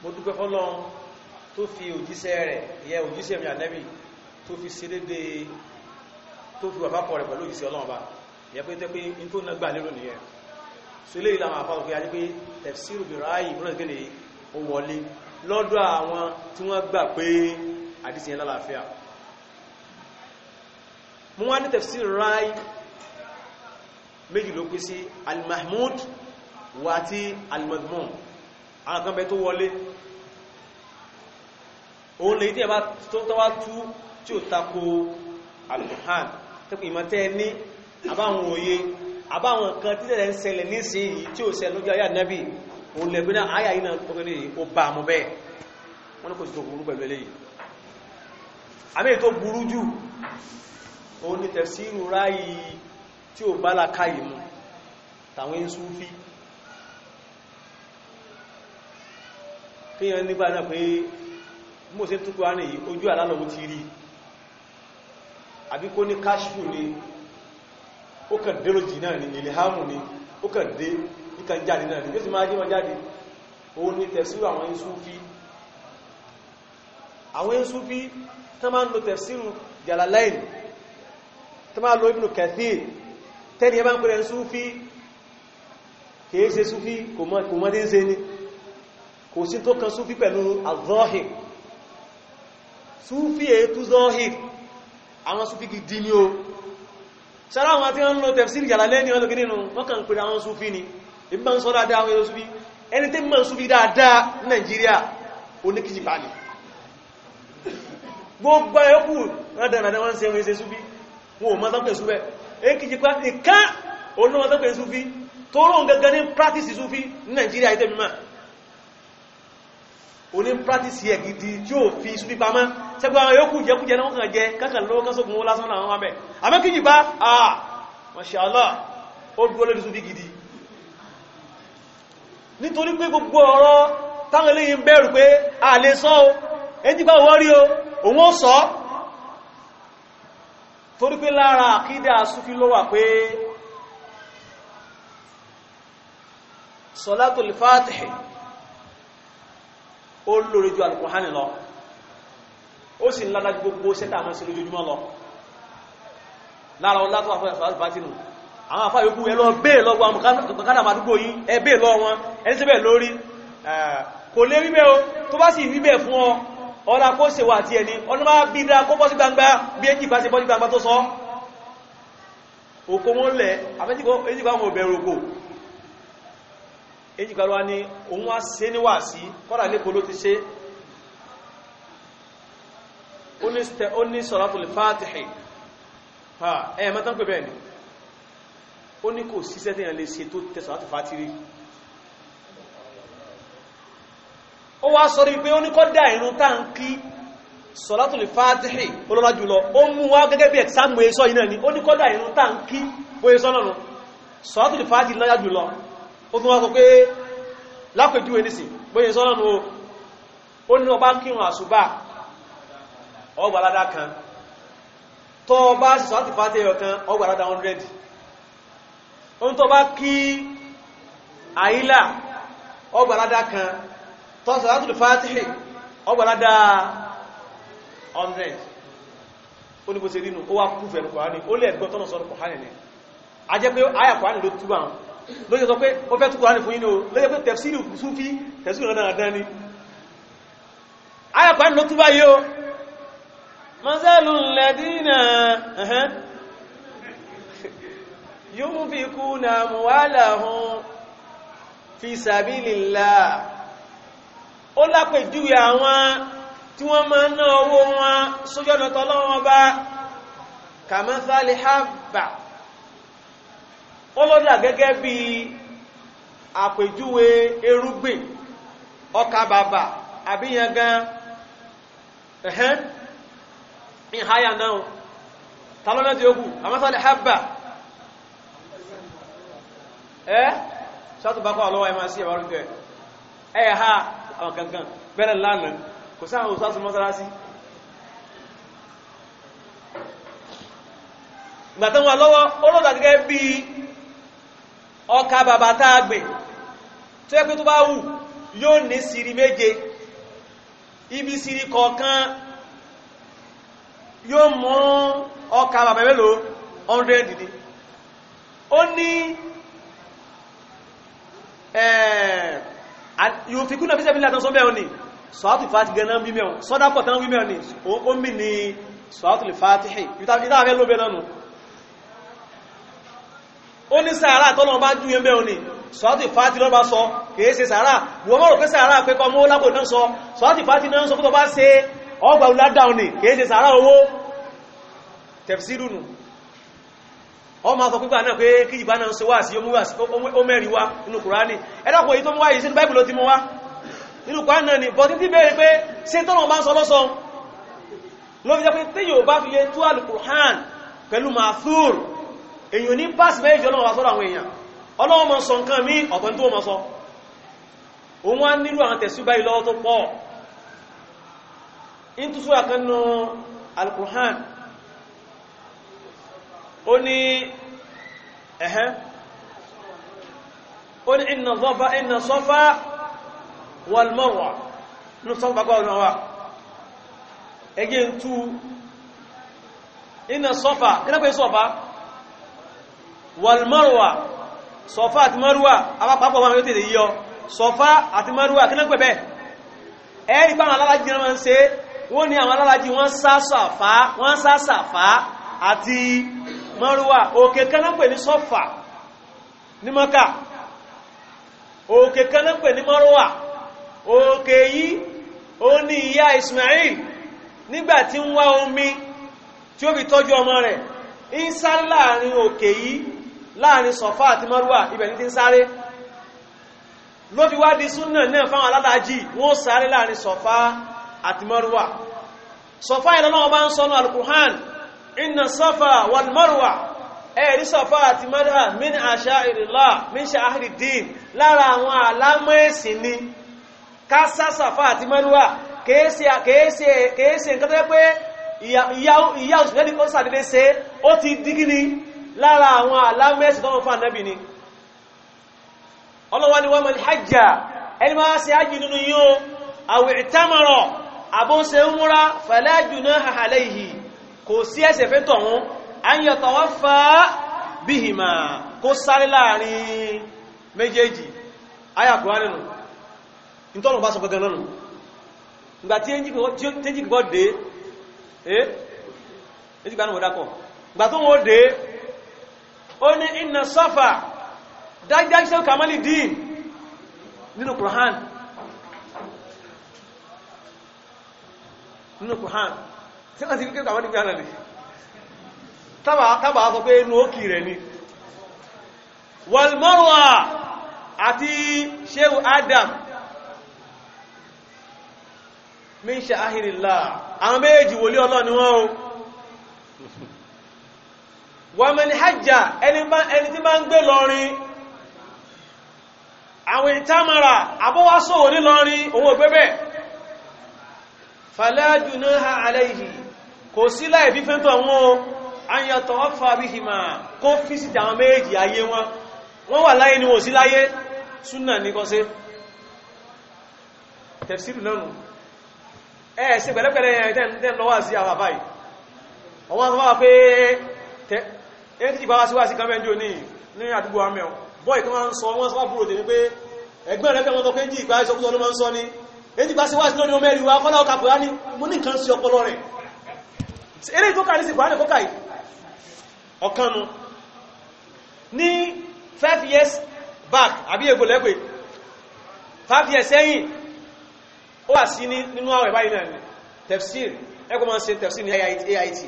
A: mo dúpẹ́ fọ́lọ́run tó fi òjíṣẹ́ rẹ̀ yẹ òjíṣẹ́ mi ànábì tó fi ṣe dédé tó fi wà pápọ̀ rẹ̀ pẹ̀lú ìṣẹ́ ọlọ́run bá ìyẹ́ pé tẹ́ pé in tó nágbà lérò nìyẹn so ilé ìlànà àpapọ̀ pé a ní pé tafsir bi ráàyè ìmúlẹ̀ kéde ó wọlé lọ́dọ̀ àwọn tí wọ́n gbà pé àdìsí yẹn lálàáfíà mú wá ní tafsir ráàyè méjì ló pín sí al-mahmud wa ti al-madhmum àwọn kan bẹ tó wọlé òun lè tí ẹ bá tó wá tú tí ó tako alùhàn tẹ́kù ìmọ̀tẹ́ ní àbáwọn òye àbáwọn kan tí tẹ́lẹ̀ ń ṣẹlẹ̀ nísìnyí tí ó ṣẹlẹ̀ lójú ayé ànábì òun lẹ̀gbẹ́ náà ayà yìí náà ọkùnrin yìí ó bá mú bẹ́ẹ̀ wọ́n ní kò sí tó burú pẹ̀lú eléyìí àmì tó burú jù òun ni tẹ̀síìrù ráyì tí ó bá lákàyè mu tàwọn Súfí kíyàn nígbà náà pé mọ́ sí tó kọ́ á ojú àlálọ́wọ́ ti rí àbí kó ní káṣfù ni ó kàn déròjì náà ni ìlhàmù ni ó kàn dé ìkàn jáde náà ni bí ó sì máa jẹ́ wọn jáde òun ni tẹ̀síwò àwọn Sufi àwọn Sufi tán máa ń lo tẹ̀síwò Jalalain tán máa lo Ibn Kathir tẹ́ni ẹ bá ń pẹ̀rẹ̀ Sufi kìí ṣe Sufi kò mọ́ tí ń ṣe ni kò sí tó kan Sufi pẹ̀lú azọ́hìr Sufi èé tú zọ́hìr àwọn súfí gidi ní o sára àwọn tí wọ́n ń lo tẹ̀fsìrì Jalalaini ní ọlọ́gí nínú wọ́n kàn pèrè àwọn súfí ni ìbá ń sọ dáadáa àwọn súfí ẹni tí mọ́ súfí dáadáa ní Nàìjíríà oníkìjì bá ní gbogbo ẹkù rádàrádà wọ́n ń ṣe wọ́n ṣe súfí wọn ò mọ́ sọ́pẹ̀ súfẹ́ ekìjì pa ìká onímọ̀ sọ́pẹ̀ súfí tó rọ̀ gẹ́gẹ́ ní practice súfí ní Nàìjíríà ìtẹ́mìmọ̀ oní practice yẹ gidi tí ó fi ìsúbí pamọ́ sẹ́gbọ́n àwọn yóò kú jẹ́kújẹ́ náà kàn jẹ kankan lọ́wọ́ kan sókùn lásán àwọn àmẹ́ àmẹ́kìjì bá àà mashallah ó gbọ́ lórí ìsúbí gidi nítorí pé gbogbo ọ̀rọ̀ táwọn eléyìn bẹ̀rù pé a lè sọ o ẹni bá wọ́n rí o òun ó sọ ó lórí ju alùkùránì lọ ó sì ń lára gbogbo sẹ́tà àmọ́ sí lójoojúmọ́ lọ lára ọlá tó àfẹ́ bátínù àwọn àfá yòókù ẹ lọ bẹ́ẹ̀ lọ wọn bùkátà àdúgbò yìí ẹ bẹ́ẹ̀ lọ wọn ẹni tí bẹ́ẹ̀ lórí kò lé o tó bá sì rí fún ọ ọlá kó ṣe wà tí ẹni ọdún máa bí dáa kó bọ́ sí gbangba bí ẹjì bá ṣe bọ́ sí èjì kan wá ní òun wá ṣe níwà sí kọ́dà lẹ́kọ̀ọ́ ló ti ṣe ó ní sọ̀rọ̀tò lè fàátìhì ẹ̀yẹ mẹ́ta ń pè bẹ́ẹ̀ ni ó ní kò síṣẹ́ tí yàn lè ṣe tó tẹ sọ̀rọ̀tò fàátìrí ó wá sọ́rí pé ó ní kọ́dà ìrun tá ń kí sọ̀rọ̀tò lè fàátìhì olóra jùlọ ó mú wá gẹ́gẹ́ bí ẹ̀sáàmù èso yìí náà ni ó ní kọ́dà ìrun tá ń kí ó tún sọ pé lápèjúwe nísìn bóyẹ sọ́nà nù ó ní ọba kírun àṣùbà ọgbàládá kan tó bá sọ́tì fàtẹ́ kan ọgbàládá 100 ohun tó bá kí àílà ọgbàládá kan tó sọ́tì fàtẹ́ ọgbàládá 100 ó ní bó ṣe rínú ó wá kúfẹ̀ẹ́ Kùránì ó lẹ́ẹ̀gbọ́ tọ́nà sọ́rọ̀ Kùránì ni a jẹ́ pé àyà ló túbà ló yẹ sọ pé ó fẹ́ tú kùránì fún yín o ló yẹ pé tẹ̀fsílù súfí tẹ̀fsílù náà dán ni ayọ̀pá ló túbá yìí o mọ́sẹ́lù lẹ́dínà yóò fi kú na mọ̀wálà hun fi sàbílìlá ó lápèjúwe àwọn tí wọ́n máa ná owó wọn sójọ́nà tọ́lọ́wọ́n bá kàmọ́sálì hábà wọ́n lọ́dà gẹ́gẹ́ bí àpèjúwe erúgbìn ọkà bàbà àbíyangan ẹ̀hẹ́n ìháyà náà tàlọ́nà tí ó kù àmọ́sálẹ̀ hábà ẹ́ ṣàtùbákọ́ àlọ́wà ẹmà sí ẹ̀wà rúkẹ́ ẹ̀ ha àwọn kankan bẹ́rẹ̀ lánàá kò sáàrùn sáàtù gbàtánwà lọ́wọ́ olóòtà gẹ́gẹ́ bí ọkà bàbá tá a tó yẹ pé tó bá wù yóò ní siri méje ibi siri kọ̀ọ̀kan yóò mú ọkà bàbá mélòó 100 ni ó ní eh, yóò fi kúnnà fíṣẹ́ fílẹ̀ àtọ́sọ́ mẹ́rin ni sọ́ọ̀tù gẹ̀ẹ́nà bí mẹ́rin sọ́dápọ̀ tán wí mẹ́rin ni ó mì ní elu ó ní sàárà tọ́lọ bá jú yẹn bẹ́ẹ̀ ni sọ́tì fàtí lọ́bá sọ kìí ṣe sàárà wọ́n mọ́rọ̀ pé sàárà pé kọmọ́ lábò náà sọ sọ́tì fàtí náà sọ fútọ bá ṣe ọgbà uládàun ni kìí ṣe sàárà owó tẹ̀fsírùnù ọ ma sọ pípa náà pé kí ìbá náà ṣe wá sí ó mẹ́rin wá nínú Kùránì ẹ̀dàpọ̀ èyí tó mú wá yìí sínú Báìbù ti mú wá nínú Kùránì náà ni bọ́tí tí bẹ́ẹ̀ pé ṣe tọ́nà bá ń sọ lọ́sọ ló fi jẹ́ pé bá fi lè tú àlùkùrán pẹ̀lú màfúrù èyàn ní pass méjì ọlọ́run wá sọ́rọ̀ àwọn èèyàn ọlọ́run mọ́ sọ nǹkan mí ọ̀tọ̀ tó mọ́ sọ òun wá nílò àwọn tẹ̀síbá ìlọ́wọ́ tó pọ̀ in tó súra kan nù alkùnhàn ó ní ẹ̀hẹ́n ó ní inna Safa inna Safa wal Marwa ní sọ́fàgbà ọ̀nà wà ẹgẹ́ ń tú inna Safa ìrẹ́pẹ́ Safa walmarwa sọfá àti marwa apapapọ̀ wọn yóò tètè yíyọ sọfá àti marwa kí náà pẹ̀bẹ̀ ẹ̀rí pa àwọn alálàájì náà ń ṣe wọ́n ní àwọn alálàájì wọ́n sásàfá wọ́n sásàfá àti marwa òkè kan náà pè ní sọfà ní mọ́kà òkè kan náà pè ní marwa òkè yìí ó ní ìyá Ismail nígbàtí ń wá omi tí ó fi tọ́jú ọmọ rẹ̀ ń sá láàrin òkè yìí láàrin sọ̀fà àti mọ́rúwà ibẹ̀ ní ti ń sáré ló fi wá di súnnà náà fáwọn alálàájì wọ́n sáré láàrin sọ̀fà àti mọ́rúwà sọ̀fà ìlànà ọba ń sọ́nà al-Qur'an inna sọ́fà wal mọ́rúwà ẹ̀rí sọ̀fà àti mọ́rúwà min asha'airillah min sha'airi din lára àwọn àlámọ́ ẹ̀sìn ni ká sá sọ̀fà àti mọ́rúwà kèése nǹkan tó yẹ pé ìyá òṣìṣẹ́ ní kó sàdédé ó ti dígí ni lára àwọn alámẹ́sì tọ́lọ̀ fún ànábì ni ọlọ́wọ́ ni wọ́n mọ̀ ní hajjá ẹni máa ṣe hajji nínú yíó àwẹ̀ ìtamarọ̀ àbóṣe ń múra fala junaha alayhi kò sí ẹsẹ̀ fẹ́ tọ̀hún an yatawaffa bihima kó sáré láàrin méjèèjì ayàkùrá nínú ìtọ́nù bá sọ gangan nánú ìgbà náà eh, ìgbà tó wọ́n dé ó ní iná sọ́fà dájúdájú sẹ́wọ́n kàmálì dín nínú kùrán nínú kùrán tí wọ́n ti kí kàmálì dín ànàlè tábà sọ pé inú òkì rẹ̀ ni walmarwa àti sheu adam min ṣe ahìrìlá àwọn wòlí ọlọ́ wọ́n wọ́n mẹ́ni hajjá ẹni tí bá ń gbé lọ́rin àwọn ìtàmàrà àbọ́wásòwò ní lọ́rin owó gbẹ́bẹ̀ fàlájú náà ha aláìhì kò sí láì bí fẹ́ntọ̀ wọn ayàtọ̀ ọfà bí i máa kó fi sí àwọn méjì ayé wọn wọ́n wà láyé ni wọ́n sí láyé súnà ní kọ́ sí tẹ̀fsìrì lọ́nu ẹ̀ẹ́sì pẹ̀lẹ́pẹ̀lẹ́ ẹni tí ìbáwá sí kàmẹ́jọ ní àdúgbò àmẹ́ bọ́ì kan máa ń sọ wọ́n sọ́wọ́ búrò tèmi pé ẹgbẹ́ rẹ̀ kẹ́wọ́n tó pé ló máa ń sọ ní five years back àbí ègbò lẹ́pẹ̀ five years sẹ́yìn ó wà sí nínú àwẹ̀ báyìí náà tefsir ẹkọ̀ máa ń ṣe AIT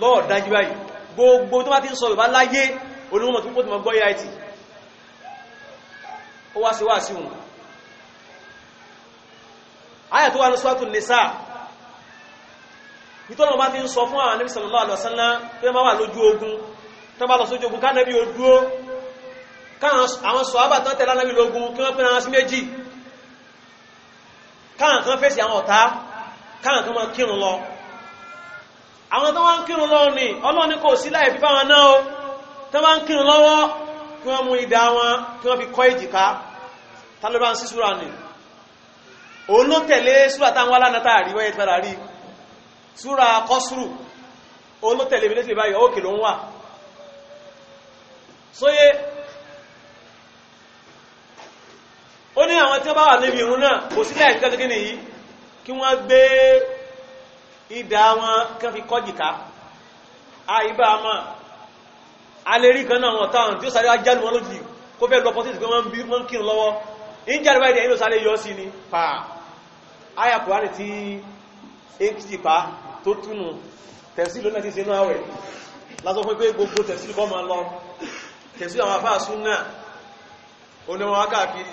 A: lọ́ọ̀ dájú báyìí gbogbo tó bá ti ń sọ Yorùbá láyé olóòmọ̀ tó pọ̀tùmọ̀ gbọ́ AIT ó wá sí wá sí wọn ayà tó wà ní sọ́tù nìsá nítọ́nà bá fi ń sọ fún àwọn Ànábì sallallahu alaihi wasallam tó yẹ máa wà lójú ogun tó bá lọ sójú ogun ká nẹ́bí odúó káwọn sọ àbàtán tẹ̀lá nẹ́bí lógun kí wọ́n pínra sí méjì káwọn kan fèsì àwọn ọ̀tá àwọn tó wọ́n ń kírun lọ́wọ́ ni ọlọ́ni kò sí láì fi báwọn náà tó wọ́n ń kírun lọ́wọ́ kí wọ́n mú ìdá wọn kí wọ́n fi kọ́ ìjìká taliban sí súra ni òun ló tẹ̀lé súra táwọn alána tá àríwọ́ yẹn padà rí súra kọ́sùrù òun ló tẹ̀lé ìbílẹ̀ òkè ló ń wà sóyé ó ní àwọn tí wọ́n bá wà níbi ìrún náà kò sí láì fi ìdá wọn kán fi kọ́jìká àìbá àmà alérí kan náà wọn táwọn tí ó sáré ajálù wọn lójì kó fẹ́ lọ pọ̀tí ìgbọ́n bí wọ́n kírùn lọ́wọ́ ìjálù báyìí ìlú sáré yọ sí ni pa ayàpọ̀ àrẹ tí èkìtì pa tó túnù tẹ̀sí lónà ti sinú àwẹ̀ lásán fún pé gbogbo tẹ̀sí lọ́ máa lọ tẹ̀sí àwọn afáàsún náà oníwọ̀n wákàkiri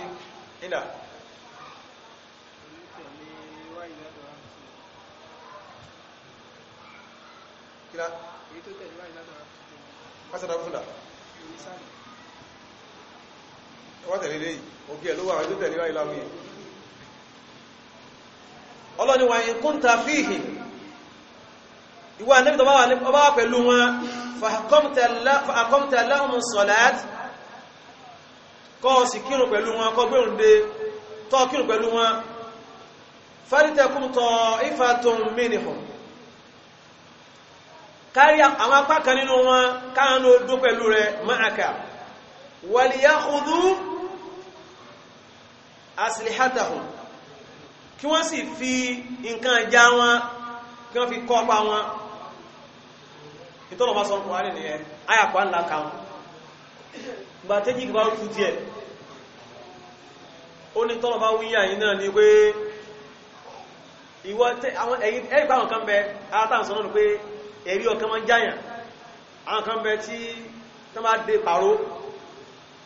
A: kíra èyí tó tẹ̀lé wáyé lágbára pásádà fúnlá ọwọ́ tẹ̀lé lè òkè ló wà tó tẹ̀lé wáyé láwúyẹ ọlọ́ni wa in kunta fihim ìwà nẹ́bí tọba wà pẹ̀lú wọn fàkọ́mtà láhùn sọ̀láàtì kọ́ sì kírùn pẹ̀lú wọn kọ́ gbẹ̀rùn dé tọ́ kírùn pẹ̀lú wọn fàrítẹ̀kùn tọ́ ìfàtún mínìhùn kárí àwọn apá kan nínú wọn káàánú odó pẹ̀lú rẹ ma'aka wàlìyà kùdú asìlìhátàhùn kí wọ́n sì fi nǹkan já wọn kí wọ́n fi kọ́pa wọn ìtọ́lọ̀bá sọ kùnrin nìyẹn ayàpá ńlá káwọn gbà tẹ́jì gbà ó tú díẹ̀ ẹ̀rí ọkàn máa ń jáyàn àwọn kan bẹ tí wọ́n bá dé pàró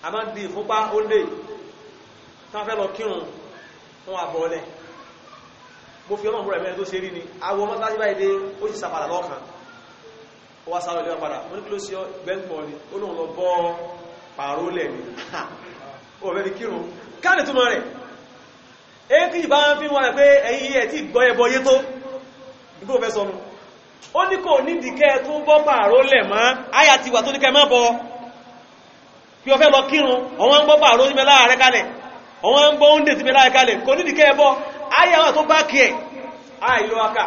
A: a máa dì fúnpá ó lè tán fẹ́ lọ kírun wọn wà bọ́ọ̀lẹ̀ mo fi ọlọ́run rẹ̀ mẹ́rin tó ṣe rí ni awọ ọmọ tásí báyìí dé ó sì sàpàdà lọ́kàn ó wá sáré lẹ́wọ̀n padà mo ní kí ló ṣe bẹ́ńpọ̀ ni ó lóun lọ bọ́ pàró lẹ̀ ni ó fẹ́ fi kírun káàdì túmọ̀ rẹ̀ èyí tí ìbá ń fi wọn rẹ̀ pé ẹ̀yìn ẹ̀ tí gbọ́ ẹbọ yé tó ìgbó fẹ́ sọnù ó ní kò nídìí kẹ́ tó bọ́ pààró lẹ̀ mọ́ àyà ti wà tó ní kẹ́ mọ́ bọ́ kí o fẹ́ lọ kírun ọ̀wọ́n ń bọ́ pààró sí mẹ́lá rẹ̀ kalẹ̀ ọ̀wọ́n ń bọ́ oúnjẹ sí mẹ́lá rẹ̀ kalẹ̀ kò nídìí kẹ́ bọ́ àyà wà tó bá kí ẹ̀ àìlò aka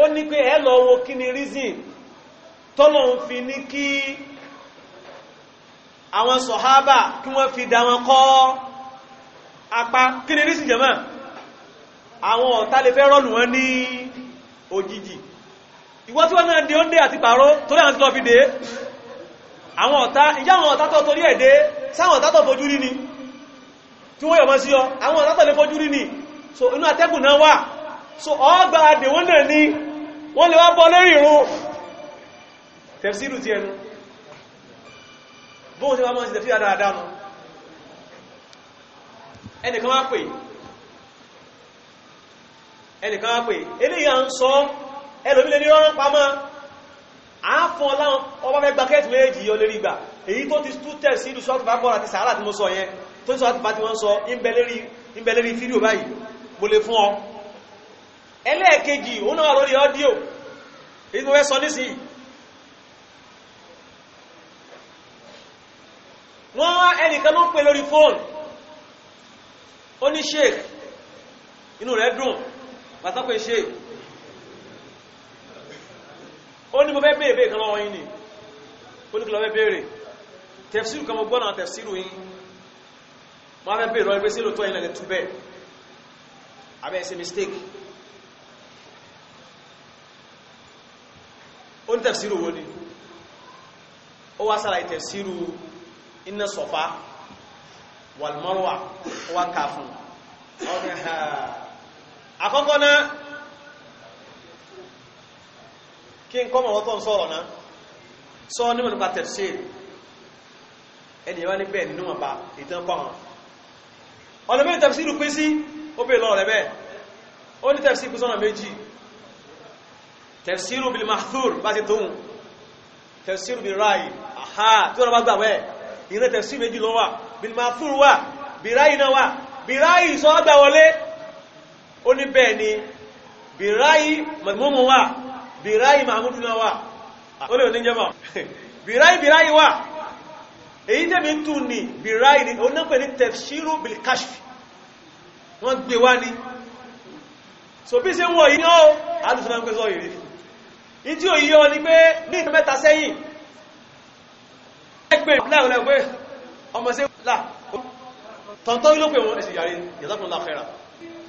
A: ó ní pé ẹ lọ wo kí ni reason tọ́lọ̀ ń fi ní kí àwọn sọ̀hábà kí wọ́n fi dá wọn kọ́ apá kí ni reason jẹ̀mọ́ àwọn ọ̀tá lè fẹ́ rọ́lù wọn ní òjijì ìwọ́ tí wọ́n náà dé ó dé àti pàró torí àwọn ti lọ fi dé àwọn ọ̀tá ìyá àwọn ọ̀tá tó torí ẹ̀dẹ́ sáwọn ọ̀tá tó fojú rí ni tí wọ́n yọ̀ mọ́ sí ọ àwọn ọ̀tá tó lè fojú rí ni so inú atẹ́kùn náà wà so ọgbà àdèwọ́n náà ni wọ́n lè wá bọ́ lórí ìrún tẹ̀fsílù ti ẹnu bóhun tí wọ́n mọ́ sí tẹ̀fí àdáadáa nù ẹnìkan wá pè ẹnìkan wá pé eléyà ń sọ ẹlòmílẹ̀ ní rọrùn pamọ́ àáfọn láwọn ọba fẹ́ gba kẹ́ẹ̀tì méjì yọ lérí gbà èyí tó ti tútẹ̀ sí ìlú sọ́ọ̀tù bá bọ́ra ti sàárà tí mo sọ yẹn tó ti sọ́ọ̀tù bá ti wọ́n sọ ìbẹ̀ lérí fídíò báyìí mo lè fún ọ ẹlẹ́ẹ̀kejì òun náà lórí ọ́díò èyí tó fẹ́ sọ nísìnyí wọ́n wá ẹnìkan ló ń pè lórí fóònù ó ní sheik inú rẹ̀ dùn pàtàkì ṣe ó ní mo fẹ́ bèèrè bèèrè kan lọ́wọ́ yìí ni ó ní kí lọ fẹ́ bèèrè tẹ̀fsìrù kan mo gbọ́nà tẹ̀fsìrù yìí ma fẹ́ bèèrè ọgbẹ́ sí lóòtọ́ ìlànà tó bẹ́ẹ̀ abẹ́ ṣe mistake ó ní tẹ̀fsìrù wo ni ó wá sára tẹ̀fsìrù iná sọ̀fá wal Marwa ó wá káfún ọgbẹ́ ha àkọ́kọ́ náà kí n kọ́mọ̀ wọ́tọ́ sọ́rọ̀ náà sọ nímọ̀ nípa tafsir ẹni wá ní bẹ́ẹ̀ nínú ọba ìtàn pọ̀hàn ọ̀nà mẹ́rin tafsir pín sí ó bèèrè lọ rẹ̀ bẹ́ẹ̀ ó ní tafsir pín sọ́nà méjì tafsiru bil mahthur bá ti tóhun tafsiru bil ráyì àhá tí wọ́n bá ó ní bẹ́ẹ̀ ni bìráyì mọ̀mọ́mọ́ wà bìráyì mahmudu náà wà ó lè ní jẹ́mọ̀ bìráyì bìráyì wà èyí tẹ́mi tù ní bìráyì ni ó náà ní tafsiru bilkashf wọ́n gbé wá ní so bí ṣe ń wọ̀ yí ní ó alùsùnà ń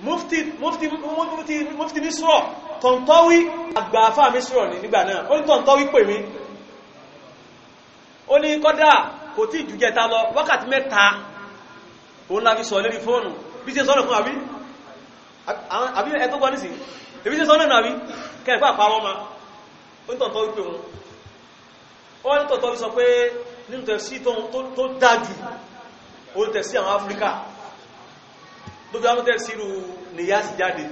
A: mufti mufti mufti mufti misro tọ̀ntọ́wí àgbàfà misro ní nígbà náà ó ní tọ̀ntọ́wí pè mí ó ní kọ́dá kò tí ìjújẹta lọ wákàtí mẹ́ta òun lábí sọ lórí fóònù bí ṣe sọ́nà fún àbí àbí ẹ̀tọ́ gbọ́ nísìn èbí ṣe sọ́nà náà àbí kẹfà àpáwọ́ ma ó ní tọ̀ntọ́wí pè wọn ó ní tọ̀ntọ́wí sọ pé nínú tẹ̀sí tó dájú ó tẹ̀sí àwọn Áfíríkà ló fi amútẹ́ sírù nìyásí jáde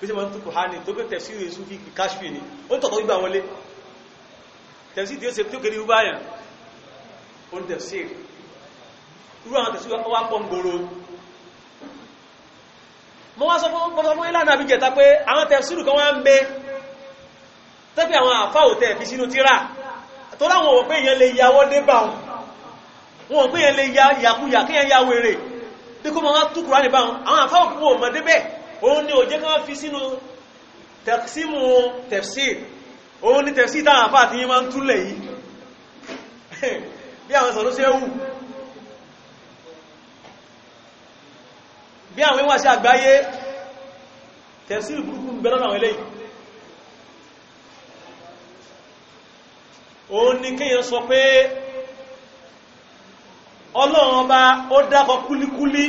A: bí sí ma ń tukù ha ní tó pé tẹ̀sírù èsù fi káṣfì ní ó ń tọ̀tọ̀ gbígbà wọlé tẹ̀sí tí ó se tó kéré rú báyàn ó ń tẹ̀sírù irú àwọn tẹ̀sírù wá pọ̀ ń gbòòrò mo wá sọ fún pọ̀lọpọ̀ ìlànà àbíjẹta pé àwọn tẹ̀sírù kan wá ń bẹ tẹ́pẹ́ àwọn àfáwò tẹ̀ fi bí kó máa tú kùránì bá wọn àwọn àfáà òkú ò mọ̀dé bẹ́ẹ̀ òun ni òjé kan fi sínú tẹ̀símù tafsir òun ni tafsir táwọn àfáà ti yí máa ń túlẹ̀ yìí bí àwọn sọ̀rọ̀ sí ẹwù bí àwọn ìwàṣẹ́ àgbáyé tafsir burúkú ń bẹ̀rẹ̀ àwọn eléyìí òun ni kéèyàn sọ pé ọlọ́run ọba ó dákọ kúlíkúlí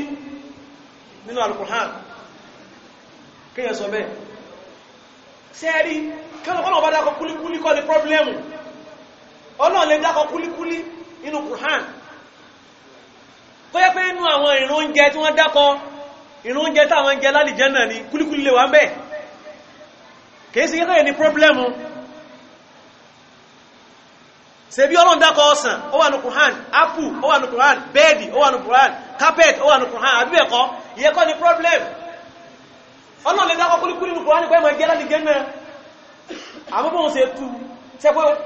A: nínú alukuhan kíyàn sọ bẹ́ẹ̀ sẹ́ẹ̀rí kọ́lọ̀ ọba dákọ kúlíkúlí kọ́ ní pọ́blẹ́mù ọlọ́run lè dákọ kúlíkúlí nínú kuhan tó yẹ pé inú àwọn ìrún oúnjẹ tí wọ́n dákọ ìrún táwọn jẹ lálìjẹ́ náà ni kúlíkúlí lè wà ń bẹ́ẹ̀ kìí sí kẹ́kọ̀ọ́ ní pọ́blẹ́mù ṣe bí ọlọ́run dákọ̀ ọsàn ó wà ní kùrán apple ó wà ní kùrán bẹ́ẹ̀dì ó wà ní kùrán carpet ó wà ní kùrán àbí bẹ́ẹ̀ kọ́ ìyẹn kọ́ ni problem ọlọ́run lè dákọ̀ kúlíkúlí ní kùrán nípa ẹmọ ẹgbẹ́ láti gẹ́ náà àbúkù òun ṣe tu ṣe pé àwọn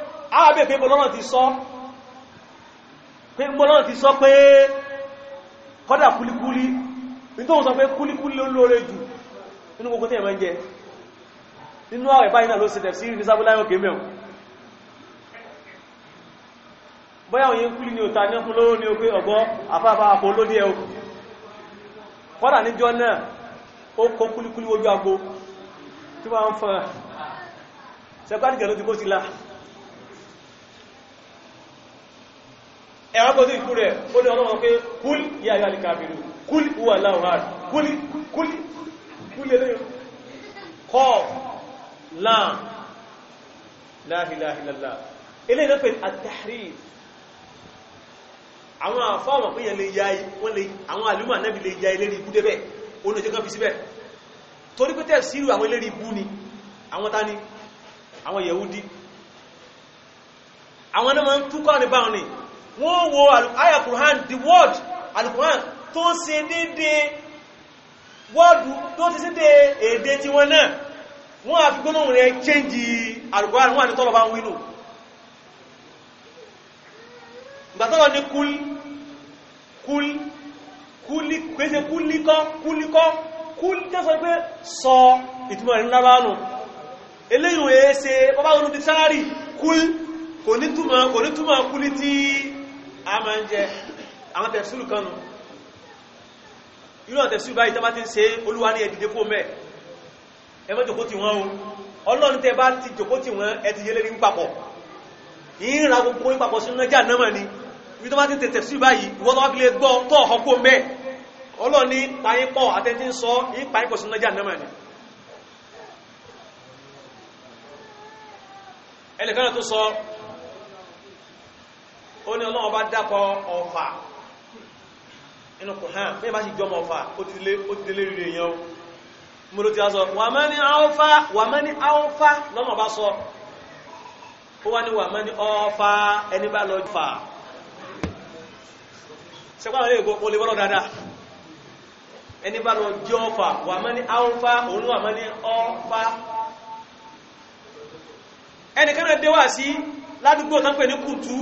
A: abẹ́ pé bọ́lọ́run ti sọ pé bọ́lọ́run ti sọ pé kọ́dà kúlíkúlí nítorí sọ pé kúlíkúlí ló lóore jù nínú gbogbo tí ẹ̀mọ́ ń jẹ nínú àwẹ̀ báyìí náà ló ṣe tẹ̀sí ní sábúláyọ̀ kémẹ́ọ̀ bóyá òyìn kúlì ní òta ní ọkùn lówó ní ogé ọgbọ́ àfáàfá àpò olódí ẹ̀ okùn kọ́dà níjọ́ náà ó kó kúlíkúlí ojú agbó tí wọ́n ń fọ́ ṣẹgbádìgẹ̀ ló ti bó ti lá ẹ̀rọ kò sí ìkú rẹ̀ ó ní ọlọ́wọ́ pé kúlì yà yà lè kàbìrì kúlì wà láwùrán kúlì àtàrí àwọn àfọ́ọ̀mọ̀ pé yẹn lè ya wọ́n lè àwọn àlúmọ̀ anábì lè ya eléri ibú débẹ̀ oní ìjẹ́kọ́ fi síbẹ̀ torí pé tẹ́ẹ̀ sírù àwọn eléri ibú ni àwọn tani àwọn yẹ̀húdí àwọn náà máa ń túkọ́ ní báwọn ni wọ́n wo àyà Qur'an the word al-Qur'an tó ń ṣe dédé wọ́ọ̀dù tó ti sí dé èdè tiwọn náà wọ́n àfi gbónáwò rẹ̀ change al-Qur'an wọ́n àti tọ́lọ̀ bá ń wínú gbàtọ́lọ́ ní kúl kúl kúlí pèsè kúlíkọ́ kúlíkọ́ kúlí tẹ́sọ pé sọ ìtumọ̀ ìrìn lábánù eléyìn èé ṣe bọ́bá olú ti sáárì kúl kò ní túmọ̀ kúlí tí a tẹ́ bá ti ń ṣe olúwa ní ẹ̀dìdẹ́ kó mẹ́ ẹ má jòkó tì wọ́n o ọlọ́run tẹ́ bá ti jòkó tì wọ́n ẹ ti yẹlẹ́rí ń papọ̀ ìrìn gbogbo ń sínú náà náà ni ibi tó bá ti tẹ̀tẹ̀ sí báyìí ìwọ́n tó wá fi lè gbọ́ tọ́ ọkọ̀ mẹ́ ọlọ́ni pàyípọ̀ àtẹ́tí ń sọ yí pàyípọ̀ sínú lọ́jà náà ni ẹnìkan tó sọ ó ní ọlọ́wọ́ bá dákọ ọ̀fà inú kò hàn bí bá sì jọmọ ọ̀fà ó ti délé rí èèyàn mú ló ti á sọ wà mọ́ ní áọ́fà wà mọ́ ní áọ́fà lọ́nà bá sọ ó wá ní wà mọ́ ní ọ́fà ẹni bá lọ fà sẹ́gbà lè gbọ́ mo lè bọ́lọ̀ dáadáa ẹni bá lọ jẹ́ ọfà wà mọ́ ní áwọ́fà òun wà mọ́ ní ọfà ẹnìkan náà dé wà sí ládùúgbò tán pè ní kùtù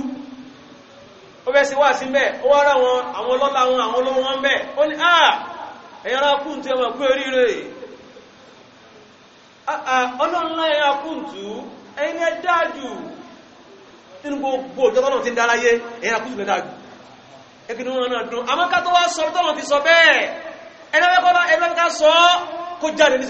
A: ó bẹ́ sí wà sí mẹ́ ó wá ráwọn àwọn ọlọ́lá wọn àwọn olówó wọn mẹ́ ó ní à ẹ̀yàn ra kùtù ẹmọ̀ pé oríire ọlọ́nlá ẹ̀yà kùtù ẹ̀yìn ẹ̀ dáa nínú gbogbo ìjọ́tọ́nà ti ń dára yé ẹ̀yà kùtù lẹ́dáa jù ẹgbẹ̀rún wọn náà dùn àmọ́ tó wá sọ tọ́lọ̀ fi sọ bẹ́ẹ̀ ẹlẹ́bẹ̀ká sọ kó jáde ní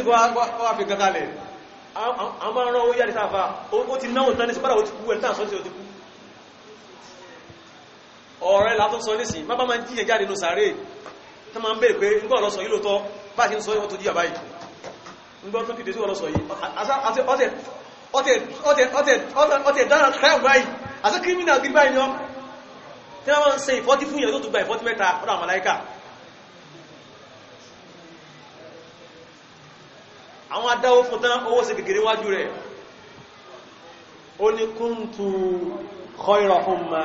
A: sọ tí wọ́n ń ṣe ìfọ́tí fún ìyẹn tó tún gba ìfọ́tí mẹ́ta ọ̀dọ̀ àwọn màláíkà àwọn adáwó fún tán owó sí gègèrè wájú rẹ̀ ó ní kuntu khayra umma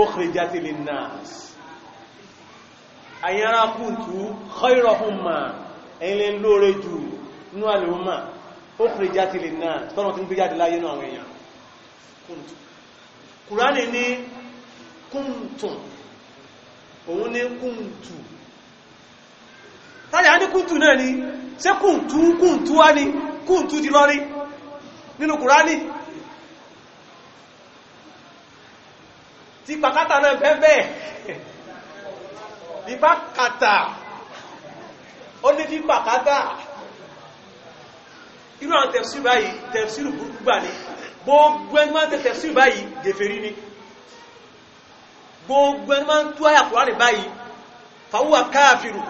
A: ukhrijat linnas àyàrá kuntu khayra umma ẹ̀yìn lóore jù nú àlèhùnmà ukhrijat linnas tọ́nà tí ń gbé jáde láyé náà àwọn èèyàn kuntu kùránì ní kúntùn òun ní kúntù tàbí a ní kúntù náà ni ṣe kúntù kúntù wá ní kúntù ti lọ rí nínú kùránì tí pàkátà náà bẹ́ẹ̀bẹ́ ní pàkátà ó ní fi pàkátà irú àwọn tẹ̀fsírù báyìí tẹ̀fsírù gbogbo ní gbogbo ẹgbẹ́ tẹ̀fsírù báyìí gẹ̀fẹ̀rí ni gbogbo ẹni máa ń tú àyà kùránì báyìí fàwúwà káàfìrù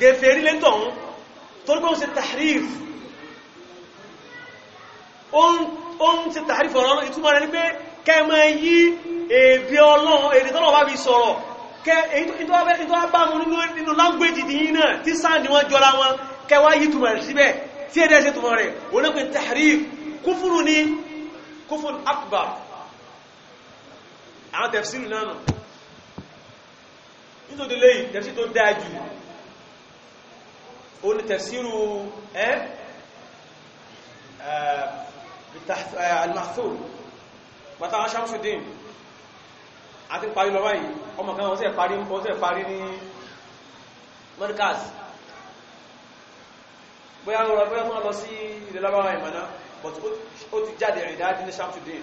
A: gẹ̀fẹ̀ rí lẹ́tọ̀ ọ̀hún torí pé ó ń ṣe tahrif ó ń ṣe tahrif ọ̀rọ̀ ìtumọ̀ rẹ̀ ní pé kẹ́mọ yí èdè ọlọ́run èdè tọ́lọ̀ bá fi sọ̀rọ̀ ìtọ́ bá mú nínú láńgbéjì tí yí náà tí sáàdì wọn jọra wọn kẹwàá yí túmọ̀ rẹ̀ síbẹ̀ tí èdè ṣe túmọ̀ rẹ̀ onípe tahrif àwọn tẹ̀fsìrì náà nù nítorí lẹ́yìn tẹ̀fsìrì tó dáa jù ó ní tẹ̀fsìrì ẹ́ al-Mahthur pàtà àwọn Shamsuddin àti parí lọ báyìí ọmọ kan wọ́n sẹ́ parí wọ́n sẹ́ parí ní Markaz bóyá wọ́n lọ sí ilẹ̀ ìmọ̀ná but ó ti jáde rìn dáadé ní Shamsuddin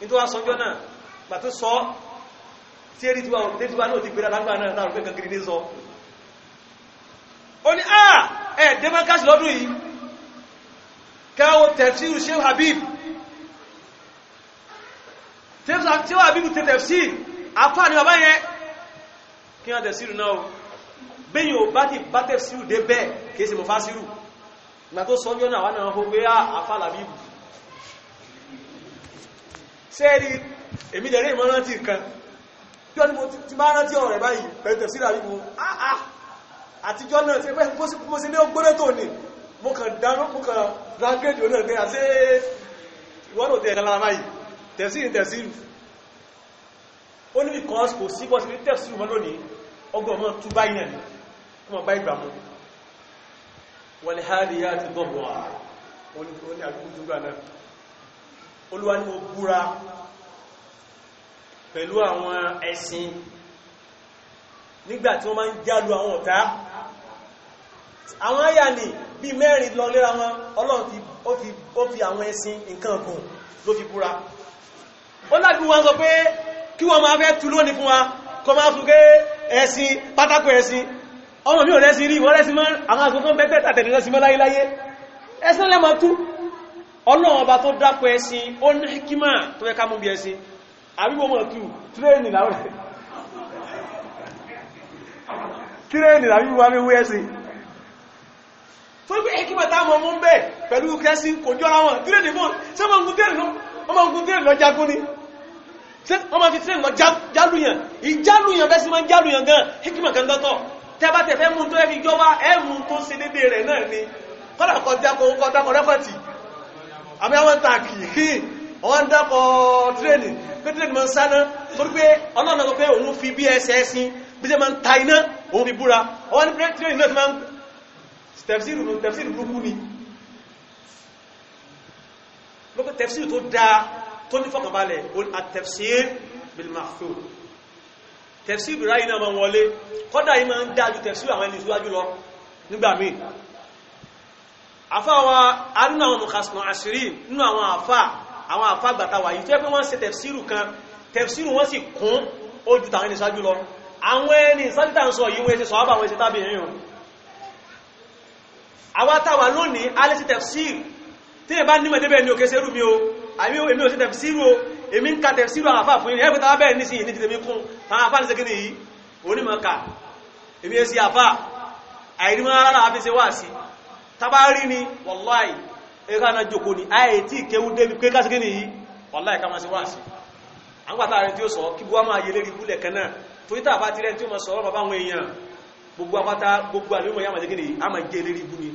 A: nítorí wá sọjọ́ náà pàtó sọ tí èrí tíwá òdé tíwá náà ti gbéra lágbà náà láàrùn pẹ́kàn gírí ní sọ ó ní àà ah, ẹ̀ democracy lọ́dún yìí káwọ tẹ̀fsíru ṣe Habib tí ó Habib tẹ tẹ̀fsíru àfáà ní bàbá yẹn kí wọ́n tẹ̀fsíru náà bẹ́yìn ò bá ti bá tẹ̀fsíru dé bẹ́ẹ̀ kìí ṣe mọ̀fásírù ìgbà tó sọ́jọ́ náà wà náà ó gbé àfáà làbíbù sẹ́ẹ̀rí èmi dẹ̀rẹ́ ìmọ̀ rántí nǹkan tí ó ní mo ti máa rántí ọ̀rẹ́ báyìí pẹ̀lú tẹ̀sí ìrà wíwo àà ah, ah. àtijọ́ náà tí pé mo sí ní ó gbóná tó ní mo kàn dáná mo kàn rágẹ́dì ó náà gbé àṣẹ ìwọ́nà tẹ̀ lára báyìí tẹ̀sí tẹ̀sí ó ní because kò sí bọ́sí ní tẹ̀sí mọ́ lónìí ọgbọ̀n mọ́ tú báyìí náà ni wọ́n bá ìgbà olúwa ní mo búra pẹ̀lú àwọn ẹ̀sìn nígbàtí wọ́n máa ń jálù àwọn ọ̀tá àwọn àyà ní bí mẹ́rin lọ lera wọn ọlọ́run ó fi àwọn ẹ̀sìn nǹkan gùn ló fi búra ó lágbí wọn sọ pé kí wọ́n máa fẹ́ tú lónìí fún wa kọ máa fún pé ẹ̀sìn pátákó ẹ̀sìn ọmọ mi ò lẹ́sìn rí wọ́n lẹ́sìn mọ́ àwọn àgbẹ̀kọ́ bẹ́ẹ̀ tàtẹ̀lẹ́sìn mọ́ láyé láyé ẹ̀sìn lẹ́mọ̀ tú ọlọ́run ọba tó dápọ̀ ẹ̀sìn ó ní hikima tó yẹ ká mú bí ẹ̀sìn àbíwọ̀ mọ̀ kí tírẹ́ẹ̀nì láwọn tírẹ́ẹ̀nì àbíwọ̀ amíwú ẹ̀sìn tó gbé hikima táwọn ọmọ ń bẹ̀ pẹ̀lú kẹsìn kò jọra wọn tírẹ́ẹ̀nì mọ́ sí ọmọ ogun tírẹ́ẹ̀nì lọ jagun ni ọmọ fi tírẹ́ẹ̀nì lọ jálùyàn ìjálùyàn bẹ́sí máa ń jálùyàn gan hikima kan dọ́tọ̀ tẹ́bá tẹ̀fẹ́ mú tó ẹbí jọba ẹ̀mú tó ṣe dédé rẹ̀ náà ni kọ́dà kọjá kọ́ dákọ̀ rẹ́kọ̀tì àbí àwọn tààkì kí wọ́n dákọ̀ tírẹ́nì pé tírẹ́nì máa ń sáná torí pé ọlọ́nà tó pé òun fi bí ẹsẹ̀ sí bí jẹ́ máa ń ta iná òun fi búra wọ́n ní tírẹ́nì náà ti máa ń tẹ̀fsìrì burúkú ni lókè tẹ̀fsìrì tó dáa tó ní fọkànbalẹ̀ àtẹ̀fsìrì bilmafu tẹ̀fsìrì ráyìí náà máa wọlé kọ́dà yìí máa ń dáa ju tẹ̀fsìrì àwọn ẹni ìṣúwájú lọ nígbà àfáwà arínú àwọn mọ̀kásùnà àṣírí nínú àwọn àfá àwọn àfá gbàtàwà yìí tó yẹ pé wọ́n ṣe tẹ̀fsírù kan tẹ̀fsírù wọ́n sì kún ojú tàwọn ẹni sáájú lọ àwọn ẹni ìsájútà ń sọ yìí wọ́n ṣe sọ̀hábà wọ́n ṣe tábì yìnyìn àwa táwa lónìí alẹ́ sí tẹ̀fsírù tí ìbá nímọ̀ débẹ̀ ni òkè sẹ́rù mi o àbí èmi ò sí tẹ̀fsírù o èmi ń ka tẹ̀fsírù àfà fún yìí ẹgbẹ́ táwa bẹ́ẹ̀ ní sí yìí ní ti tẹ̀mí kún táwọn àfà ní sẹ́kìnì yìí onímọ̀ ká èmi ẹ sí àfà àìrímọ̀ rárá wá sí tabari ni wallahi ẹ̀ka na jòkó ni ayé de, kéwú débi pé kásìkí ni yìí wallahi ká máa sí wáàsí àgbàtà rẹ̀ tí ó sọ kí buwá máa yẹ lérí gúlẹ̀ kan náà tó yíta àbá ti rẹ̀ tí ó máa sọ ọ̀rọ̀ bàbá àwọn èèyàn gbogbo àpáta gbogbo àlúmọ̀ yà máa jẹ́ kí ni a máa jẹ́ lérí gú ni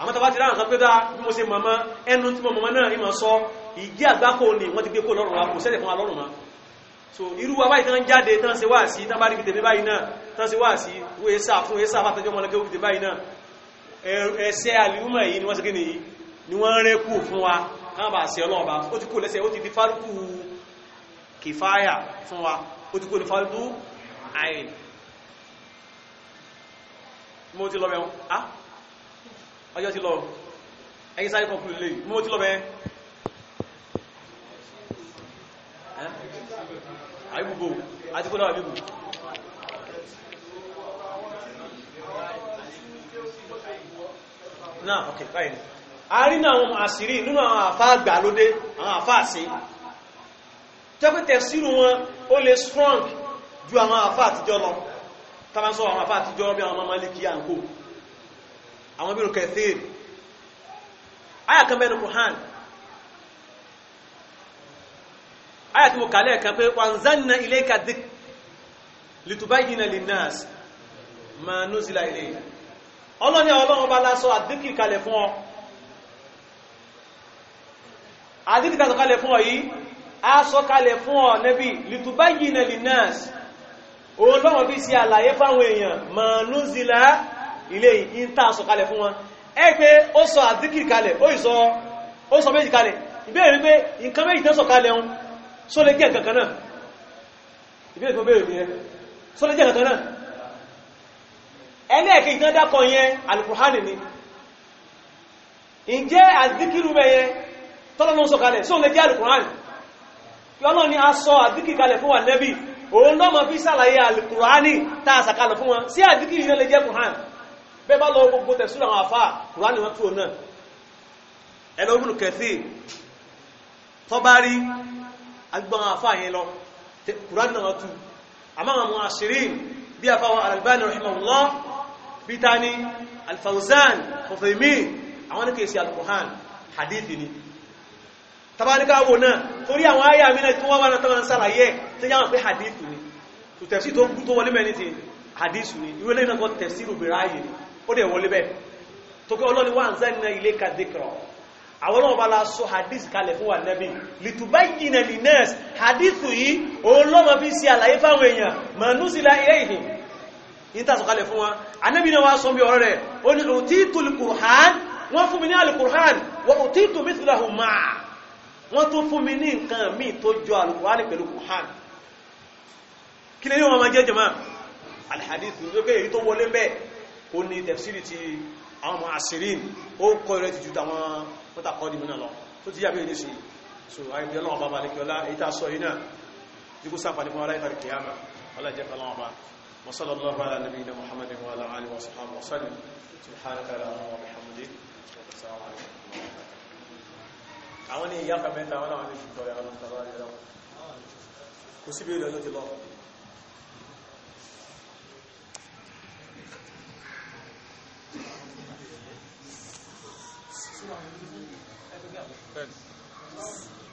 A: àmọ́ tàbá ti ráhàn sọ pé dáa bí mo ṣe mọ̀mọ́ ẹnu tí mo mọ̀mọ́ náà ìmọ̀ sọ ìjẹ́ àgbákò ni wọ́n ti gbé kó lọ́rùn wa kò sẹ́lẹ̀ fún wa lọ́rùn wa so irú wa báyìí tán jáde tán ṣe wáàsí tán bá rí bìtẹ̀ báyìí náà tán ṣe wáàsí wọ́n èsà fún èsà fàtẹ́jọ́ mọ́lẹ́gẹ́ bìtẹ̀ báyìí náà ẹsẹ́ alìúmọ̀ yìí ni wọ́n sẹ́gẹ́ nìyí ni wọ́n rẹ́ kú fún wa káàbà sí ọlọ́ọ̀bá ó ti kó lẹ́sẹ̀ ó ti di fárúkú kìfáyà fún wa ó ti kó ní fárúkú àìn mo ti lọ́bẹ̀ á ah, ọjọ́ ti lọ ẹ̀yìn sáré kan kúrò lẹ́yìn mo ti lọ́bẹ̀ àbíbùbò àti kó náà àbíbù náà okay fine a rí náà àwọn àṣírí nínú àwọn àfá àgbàlódé àwọn àfá àṣí tẹ́pẹ́tẹ̀ sírù wọn ó lè strong ju àwọn àfá àtijọ́ lọ tàbá sọ àwọn àfá àtijọ́ bí àwọn Málíkì àǹkó àwọn bírò kẹfẹ́ẹ̀rì ayàkànbẹ́nu Kùránì aya tí mo kàlẹ̀ kan pé wanzanna ilayka dhikr litubayyina linnas ma nuzila ilayhim ọlọ́ni ọlọ́run bá lásọ àdíkì kalẹ̀ fún ọ àdíkì tàtọ̀ kalẹ̀ fún ọ yìí a sọ kalẹ̀ fún ọ nẹ́bí lìtùbá yìí nẹ lìnàs òun lọ́wọ́n bí sí àlàyé fáwọn èèyàn ma ló zìlá ilé ìta sọ kalẹ̀ fún wọn ẹ pé ó sọ àdíkì kalẹ̀ ó sọ méjì kalẹ̀ ìbéèrè pé nǹkan méjì tẹ́sọ̀ só lè jẹ́ kankan náà ìbéèrè pé ẹlẹ́ẹ̀kì tán dákọ̀ yẹn alùkùránì ni ǹjẹ́ àdíkìrú mẹ́yẹn tọ́lọ́nà sọ̀kalẹ̀ só lè jẹ́ alùkùránì lọ́nà ni a sọ àdíkì kalẹ̀ fún wa nẹ́bí òun náà ma fi sàlàyé alùkùránì tàà sàkalẹ̀ fún wa sí àdíkìrú yẹn lè jẹ́ kùrán bẹ́ẹ̀ bá lọ gbogbo tẹ̀sùrù àwọn àfà kùránì wọn tó náà ẹlọ́gbùn kẹfì tọ́bárí bí àfà wọn rahimahullah bitani alfawzan ofemi àwọn nìkè sí alkuhan hadithi ni tabanika wo náà torí àwọn ayé àmì náà tó wá wánà tánà sàlàyé tó yáwọn pé hadithu ni tó tẹ̀sí tó kú tó wọlé mẹ́ni ti hadithu ni ìwé lẹ́yìn náà tẹ̀sí rùbìrá ayé ni ó dẹ̀ wọlé bẹ́ tó kẹ́ ọlọ́ni wà ń zẹ́ ní ilé ka àwọn náà la sọ hadith kalẹ̀ fún wa nẹ́bí lìtùbá yìí nẹ́s hadithu yìí òun lọ́mọ fi ṣe àlàyé fáwọn èèyàn mànúsílá ilé ìhìn ìtàsọ̀kalẹ̀ fún wọn anábì náà wá sọ bí ọ̀rọ̀ rẹ̀ ó ní òtítù alkùrán wọ́n fún mi ní alkùrán wọ́n òtítù mithlahu máa wọ́n tó fún mi ní nǹkan míì tó jọ alkùrán pẹ̀lú kùrán kí lè ní wọn ma jẹ́ jẹ́mà alhadithu ló pé èyí tó wọlé bẹ́ẹ̀ ó ní tafsiri ti àwọn ọmọ asirin ó kọ́ ìrẹ́ ti وصلى الله على نبينا محمد وعلى آله وصحبه وسلم سبحانك لا إله إلا أنت حمدك السلام عليكم awoni ya ka meta wala wani shi koya wala ta bari da ku si bi da lati ba sura ne ta ga ba